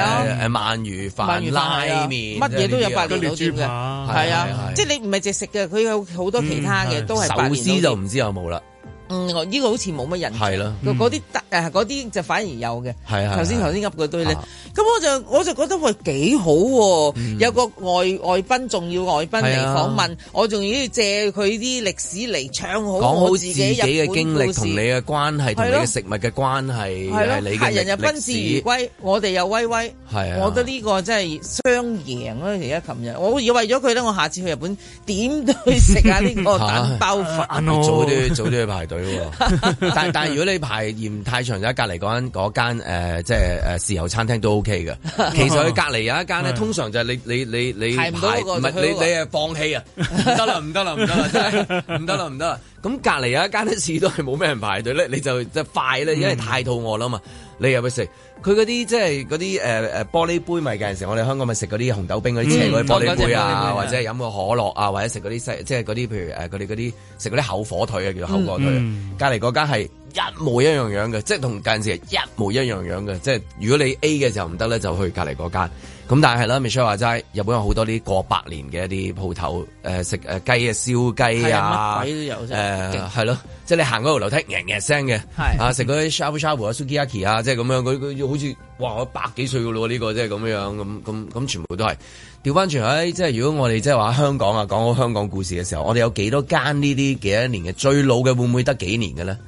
Speaker 3: 啊，誒，
Speaker 2: 鰻魚飯、拉麵，乜嘢都有八點鐘嘅，係啊，啊嗯、啊即
Speaker 3: 係你唔係淨食嘅，佢有好多其他嘅都係。壽司、嗯、就唔知有冇啦。嗯，呢個好似冇乜人，係咯，嗰啲得，誒，嗰啲就反而有嘅。係啊，頭先頭先噏嗰堆咧，咁我就我就覺得喂幾好喎，有個外外賓仲要外賓嚟訪問，我仲要借佢啲歷史嚟，唱好自己日本嘅經歷同
Speaker 2: 你嘅關係，同你嘅食物嘅關係。係咯，客人又賓至如歸，
Speaker 3: 我哋又威威。係啊，我覺得呢個真係雙贏啊。而家琴日，我以為咗佢咧，我下次去日本點都去食下呢個蛋包飯咯。
Speaker 2: 早啲早啲去排隊。佢， 但但如果你排嫌太長，就喺隔籬嗰間嗰間誒，即係誒豉油餐廳都 OK 嘅。其實佢隔籬有一間咧， 通常就係你你你你排唔到個、那個，唔係你你誒放棄啊，唔得啦，唔得啦，唔得啦，真係唔得啦，唔得啦。咁隔籬有一間咧，市都係冇咩人排隊咧，你就即係快咧，因為太肚餓啦嘛。嗯你有冇食？佢嗰啲即係嗰啲誒誒玻璃杯，就是，咪嗰陣時我哋香港咪食嗰啲紅豆冰嗰啲斜嗰啲玻璃杯啊，嗯、或者飲個可樂啊，或者食嗰啲西，即係嗰啲譬如誒佢哋嗰啲食嗰啲厚火腿啊，叫做厚火腿、啊。隔離嗰間係
Speaker 1: 一模一樣
Speaker 2: 樣嘅，嗯、即係同嗰陣時一模一樣樣嘅。即係如果你 A 嘅時候唔得咧，就去隔離嗰間。咁 但係係啦，Michelle 話齋，日本有好多啲過百年嘅一啲鋪頭，誒、呃、食誒、啊、雞啊，燒雞啊，乜鬼都有，誒係咯，即係你行嗰個樓梯，嘩嘩聲嘅，啊，食嗰啲 Shabu Shabu 啊，sukiyaki 啊，即係咁樣，佢好似哇，百幾歲噶咯喎，呢、這個即係咁樣，咁咁咁全部都係。調翻轉喺，即係如果我哋即係話香港啊，講好香港故事嘅時候，我哋有，有幾多間呢啲 幾多年嘅最老嘅會唔會得幾年嘅咧？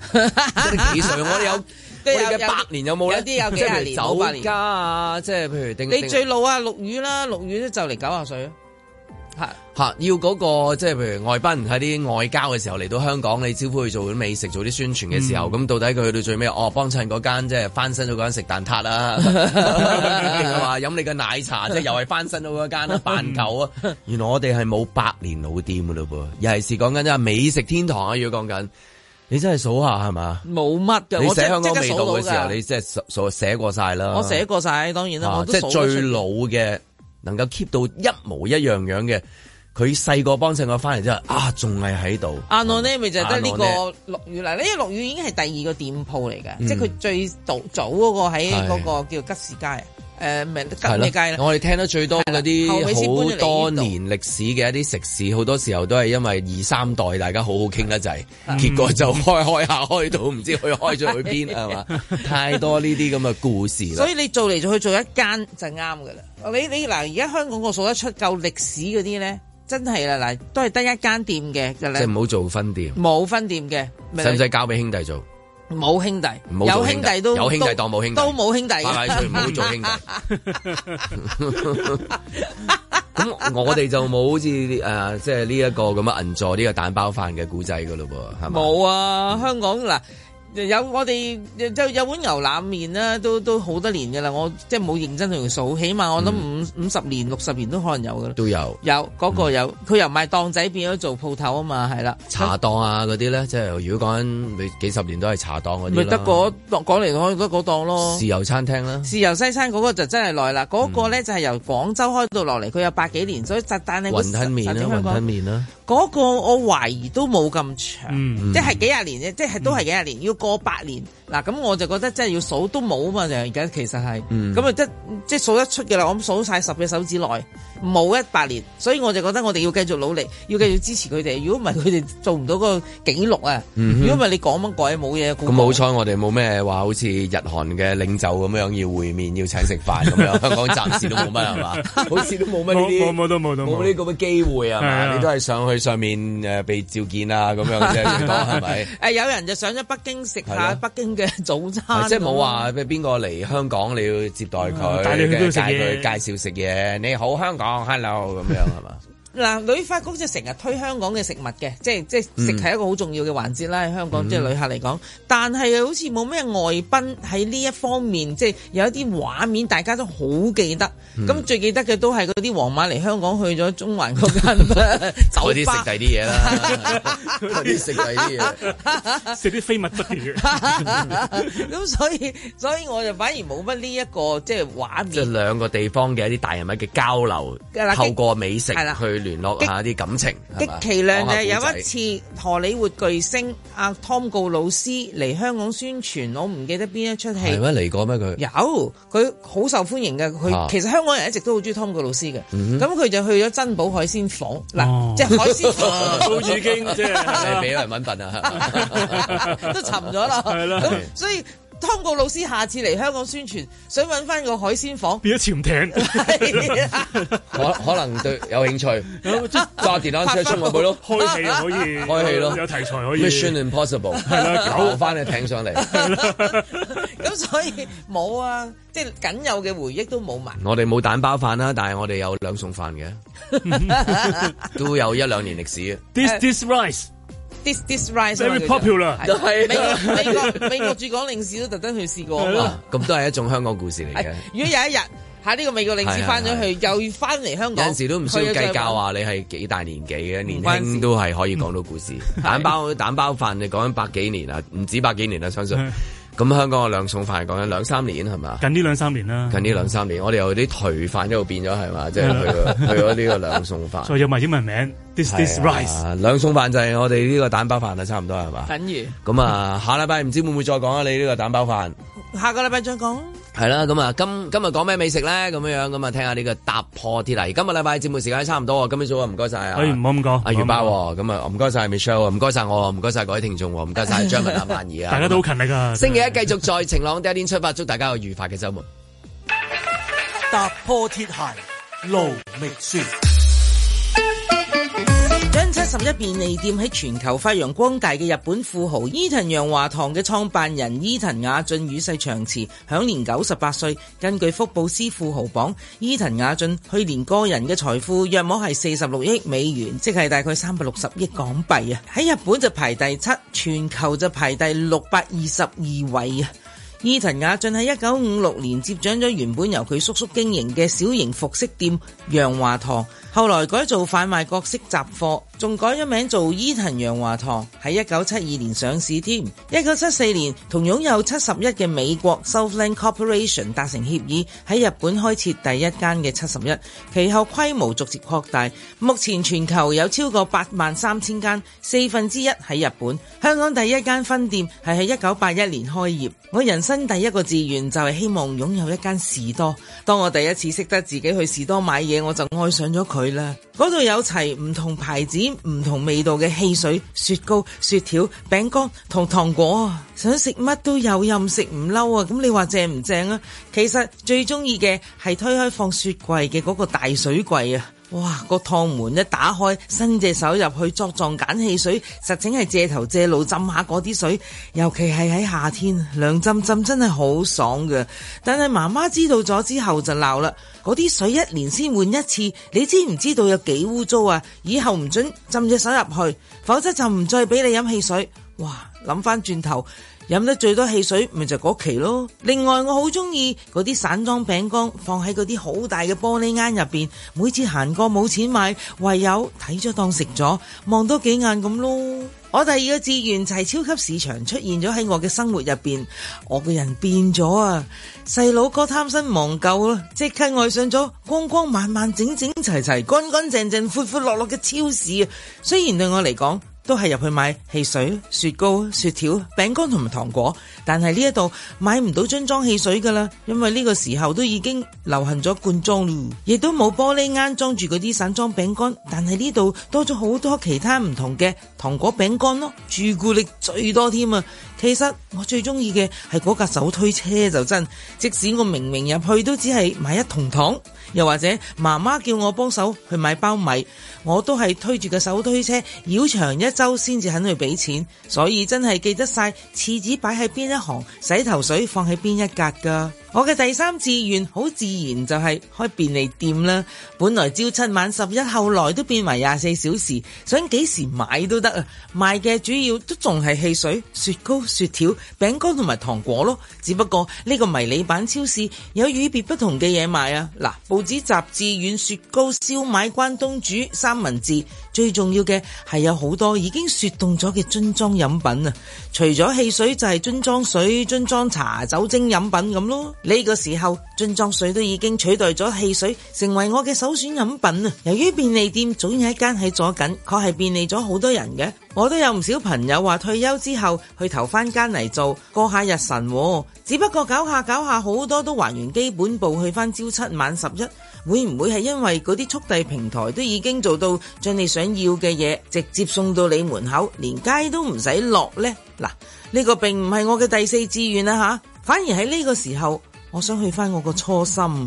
Speaker 2: 幾歲我哋有。
Speaker 3: 有百年有冇咧？有啲有即係九八年 家啊，即係譬如定。你最老啊，陸羽啦，陸羽就嚟九啊歲啊。係
Speaker 2: 嚇、那個，要嗰個即係譬如外賓喺啲外交嘅時候嚟到香港，你招呼佢做啲美食，做啲宣傳嘅時候，咁、嗯、到底佢去到最尾，哦，幫襯嗰間即係翻新咗嗰間食蛋撻啦、啊，話飲 你嘅奶茶，即、就、係、是、又係翻新咗一間啊，扮舊 啊，原來我哋係冇百年老店噶咯噃，又係講緊即係美食天堂啊，如果講緊。你真係數下係嘛？
Speaker 3: 冇乜嘅，你寫香港味道嘅時候，你
Speaker 2: 即係所所寫過晒啦。我寫過
Speaker 3: 晒，當然啦、啊啊。即係最
Speaker 2: 老嘅，能夠 keep 到一模一樣樣嘅，佢細個幫襯我翻嚟之後，啊仲係喺度。
Speaker 3: 阿羅咧，咪就係得呢個陸羽嚟？呢、啊、個陸羽已經係第二個店鋪嚟嘅，即係佢最早嗰個喺嗰個叫吉士街。誒明咁嘅界啦！我哋
Speaker 2: 聽得最多嗰啲好多年歷史嘅一啲食肆，好多時候都係因為二三代大家好好傾得滯，的結果就開開下開到唔 知去開咗去邊係嘛？太多呢啲咁嘅故事啦！所以
Speaker 3: 你做嚟做去做一間就啱嘅啦。你你嗱，而家香港我數得出夠歷史嗰啲咧，真係啦嗱，都係得一間店嘅。即係唔好
Speaker 2: 做分店，
Speaker 3: 冇分店嘅。使唔使
Speaker 2: 交俾兄弟做？
Speaker 3: 冇兄弟，兄弟有兄弟，都有兄弟當冇兄弟，都冇兄弟唔好做兄弟。
Speaker 2: 咁 我哋就冇好似誒，即係呢一個咁啊銀座呢、呢個蛋包飯嘅古仔噶咯喎，係
Speaker 3: 嘛？冇啊，香港嗱。嗯有我哋就有碗牛腩麵啦，都都好多年噶啦。我即係冇認真同佢數，起碼我諗五五十年、六十年都可能有噶。都有，有嗰個有，佢由賣檔仔變咗做鋪頭啊嘛，係啦。茶
Speaker 2: 檔啊嗰啲咧，即係如果講緊你幾十年都係茶檔嗰啲。咪得嗰
Speaker 3: 檔，講嚟講去都嗰檔咯。豉油餐廳啦，豉油西餐嗰個就真係耐啦。嗰個咧就係由廣州開到落嚟，佢有百幾年，所以但係雲吞麵啦，雲吞麵啦，嗰個我懷疑都冇咁長，即係幾廿年啫，即係都係幾廿年要過百年嗱，咁我就覺得真係要數都冇啊嘛，就而家其實係，咁啊、嗯、即即數得出嘅啦，我諗數晒十隻手指內冇一百年，所以我就覺得我哋要繼續努力，要繼續支持佢哋。如果唔係佢哋做唔到嗰個紀錄啊，如果唔係你講乜鬼冇嘢。咁好
Speaker 2: 彩我哋冇咩話，嗯、哼好似日韓嘅領袖咁樣要會面要請食飯咁樣， 香港暫時都冇乜係嘛，
Speaker 3: 好似都冇
Speaker 2: 乜呢啲咁嘅機會啊對呀 你都係上去上面誒、呃、被召見啊咁樣啫，講係咪？誒、
Speaker 3: 呃， 有人就上咗北京。食下北京嘅早餐。的，啊、即係冇話
Speaker 2: 俾邊個嚟香港你要接待佢，帶佢去食嘢，介紹食嘢。你好，香港，hello 咁
Speaker 3: 樣，係嘛？嗱，旅發局就成日推香港嘅食物嘅，即係即係食係一個好重要嘅環節啦。喺香港即係旅客嚟講，但係好似冇咩外賓喺呢一方面，即、就、係、是、有一啲畫面大家都好記得。咁、嗯啊、最記得嘅都係嗰啲皇馬嚟香港去咗中環嗰間，
Speaker 2: 走啲食第啲嘢啦，
Speaker 4: 食啲食第啲嘢，食啲非物質嘅。
Speaker 3: 咁所以所以我就反而冇乜呢一個即係、就
Speaker 2: 是、畫面、嗯，即、就、係、是、兩個地方嘅一啲大人物嘅交流，透過美食、啊、去。聯絡下啲感情，極其量就有一次
Speaker 3: 荷里活巨星阿湯告老師嚟香港宣傳，我唔記得邊一出戲。係咩
Speaker 2: 嚟過咩佢？
Speaker 3: 有佢好受歡迎嘅，佢其實香港人一直都好中意湯告老師嘅。咁佢就去咗珍寶海鮮舫，嗱即係海鮮舫。都已經即係俾人揾笨都沉咗啦。係啦，咁所以。湯告老師，下次嚟香港宣傳，想揾翻個海鮮房，變咗潛艇，
Speaker 2: 可可能對有興趣，揸電單車出出外去咯，開戲可以，開戲咯，有題材可以，咩《Mission Impossible》係啦，搞翻隻艇上嚟，
Speaker 3: 咁所以冇啊，即係僅有嘅回憶都冇埋。
Speaker 2: 我哋冇蛋包飯啦，但係我哋有兩餸飯嘅，都有一兩年歷史嘅。
Speaker 3: This this rice。This is rise very popular，都係的對美國 美國美國駐港領事都特登去試過，
Speaker 2: 咁都係一種香港故事嚟嘅。
Speaker 3: 如果有一日喺呢個美國領事翻咗去，是的是的又翻嚟香港，有陣時都唔需要計較話
Speaker 2: 你係幾大年紀嘅，年輕都係可以講到故事。 的蛋包蛋包飯你講緊百幾年啦，唔止百幾年啦，相信。 咁香港嘅兩餸飯講緊兩三年係嘛？
Speaker 4: 近呢兩三年啦。近呢兩
Speaker 2: 三年，我哋有啲頹飯一度變咗係嘛？即係、就是、去咗 去咗呢個兩餸飯。所以有
Speaker 4: 埋英文名，this this
Speaker 2: rice。兩餸、啊、飯就係我哋呢個蛋包飯啦，差唔多係嘛？等於。咁啊，下禮拜唔知會唔會再講啊？你呢個蛋包飯。
Speaker 3: 魚下個禮拜 再講。
Speaker 2: 係啦，咁啊，今今日講咩美食咧？咁樣樣，咁啊，聽下呢個踏破鐵鞋。今日禮拜，節目時間差唔多，今日早唔該晒啊！誒、欸，唔好咁講，阿余伯咁啊，唔該晒 Michelle，唔該晒我，唔該晒各位聽眾，唔該晒張文阿萬儀啊！大家都好勤力啊！星期一繼續在晴朗，嘅一天出發，祝大家有愉快
Speaker 3: 嘅周末。
Speaker 1: 踏 破鐵鞋路未絕。
Speaker 3: 十一便利店喺全球發揚光大嘅日本富豪伊藤洋華堂嘅創辦人伊藤雅俊與世長辭，享年九十八歲。根據福布斯富豪榜，伊藤雅俊去年個人嘅財富約莫係四十六億美元，即係大概三百六十億港幣啊！喺日本就排第七，全球就排第六百二十二位啊！伊藤雅俊喺一九五六年接掌咗原本由佢叔叔經營嘅小型服飾店洋華堂，後來改做販賣各式雜貨。仲改咗名做伊藤洋華堂，喺一九七二年上市添。一九七四年同擁有七十一嘅美國 Southland Corporation 達成協議，喺日本開設第一間嘅七十一。其後規模逐漸擴大，目前全球有超過八萬三千間，四分之一喺日本。香港第一間分店係喺一九八一年開業。我人生第一個志願就係、是、希望擁有一間士多。當我第一次識得自己去士多買嘢，我就愛上咗佢啦。嗰度有齊唔同牌子。唔同味道嘅汽水、雪糕、雪條、餅乾同糖果啊，想食乜都有，任食唔嬲啊！咁你話正唔正啊？其實最中意嘅係推開放雪櫃嘅嗰個大水櫃啊！哇！個趟門一打開，伸隻手入去作狀揀汽水，實情係借頭借路浸下嗰啲水，尤其係喺夏天涼浸浸，真係好爽㗎。但係媽媽知道咗之後就鬧啦，嗰啲水一年先換一次，你知唔知道有幾污糟啊？以後唔准浸隻手入去，否則就唔再俾你飲汽水。哇！諗翻轉頭。飲得最多汽水，咪就嗰期咯。另外，我好鍾意嗰啲散裝餅乾，放喺嗰啲好大嘅玻璃罌入邊。每次行過冇錢買，唯有睇咗當食咗，望多幾眼咁咯。我第二個志願就係超級市場出現咗喺我嘅生活入邊，我個人變咗啊！細佬哥貪新忘舊啦，即刻愛上咗光光萬萬、整整齊齊、乾乾淨淨、歡歡樂樂嘅超市啊！雖然對我嚟講，都係入去買汽水、雪糕、雪條、餅乾同埋糖果，但係呢一度買唔到樽裝汽水噶啦，因為呢個時候都已經流行咗罐裝啦，亦都冇玻璃罌裝住嗰啲散裝餅乾，但係呢度多咗好多其他唔同嘅糖果、餅乾咯，朱古力最多添啊！其實我最中意嘅係嗰架手推車就真，即使我明明入去都只係買一桶糖，又或者媽媽叫我幫手去買包米，我都係推住個手推車繞場一周先至肯去俾錢，所以真係記得晒廁紙擺喺邊一行，洗頭水放喺邊一格㗎。我嘅第三志願好自然就係開便利店啦。本來朝七晚十一，後來都變為廿四小時，想幾時買都得啊！賣嘅主要都仲係汽水、雪糕。雪條、餅乾同埋糖果咯，只不過呢個迷你版超市有與別不同嘅嘢賣啊！嗱，報紙、雜誌、軟雪糕、燒賣、關東煮、三文治。最重要嘅係有好多已經雪凍咗嘅樽裝飲品啊！除咗汽水就係樽裝水、樽裝茶、酒精飲品咁咯。呢個時候樽裝水都已經取代咗汽水，成為我嘅首選飲品啊！由於便利店總有一間喺左近，確係便利咗好多人嘅。我都有唔少朋友話退休之後去投翻間嚟，做過下日神。只不過搞下搞下，好多都還原基本步，去返朝七晚十一。會唔會係因為嗰啲速遞平台都已經做到將你想要嘅嘢直接送到你門口，連街都唔使落呢？嗱，呢個並唔係我嘅第四志願啊吓，反而喺呢個時候，我想去返我個初心。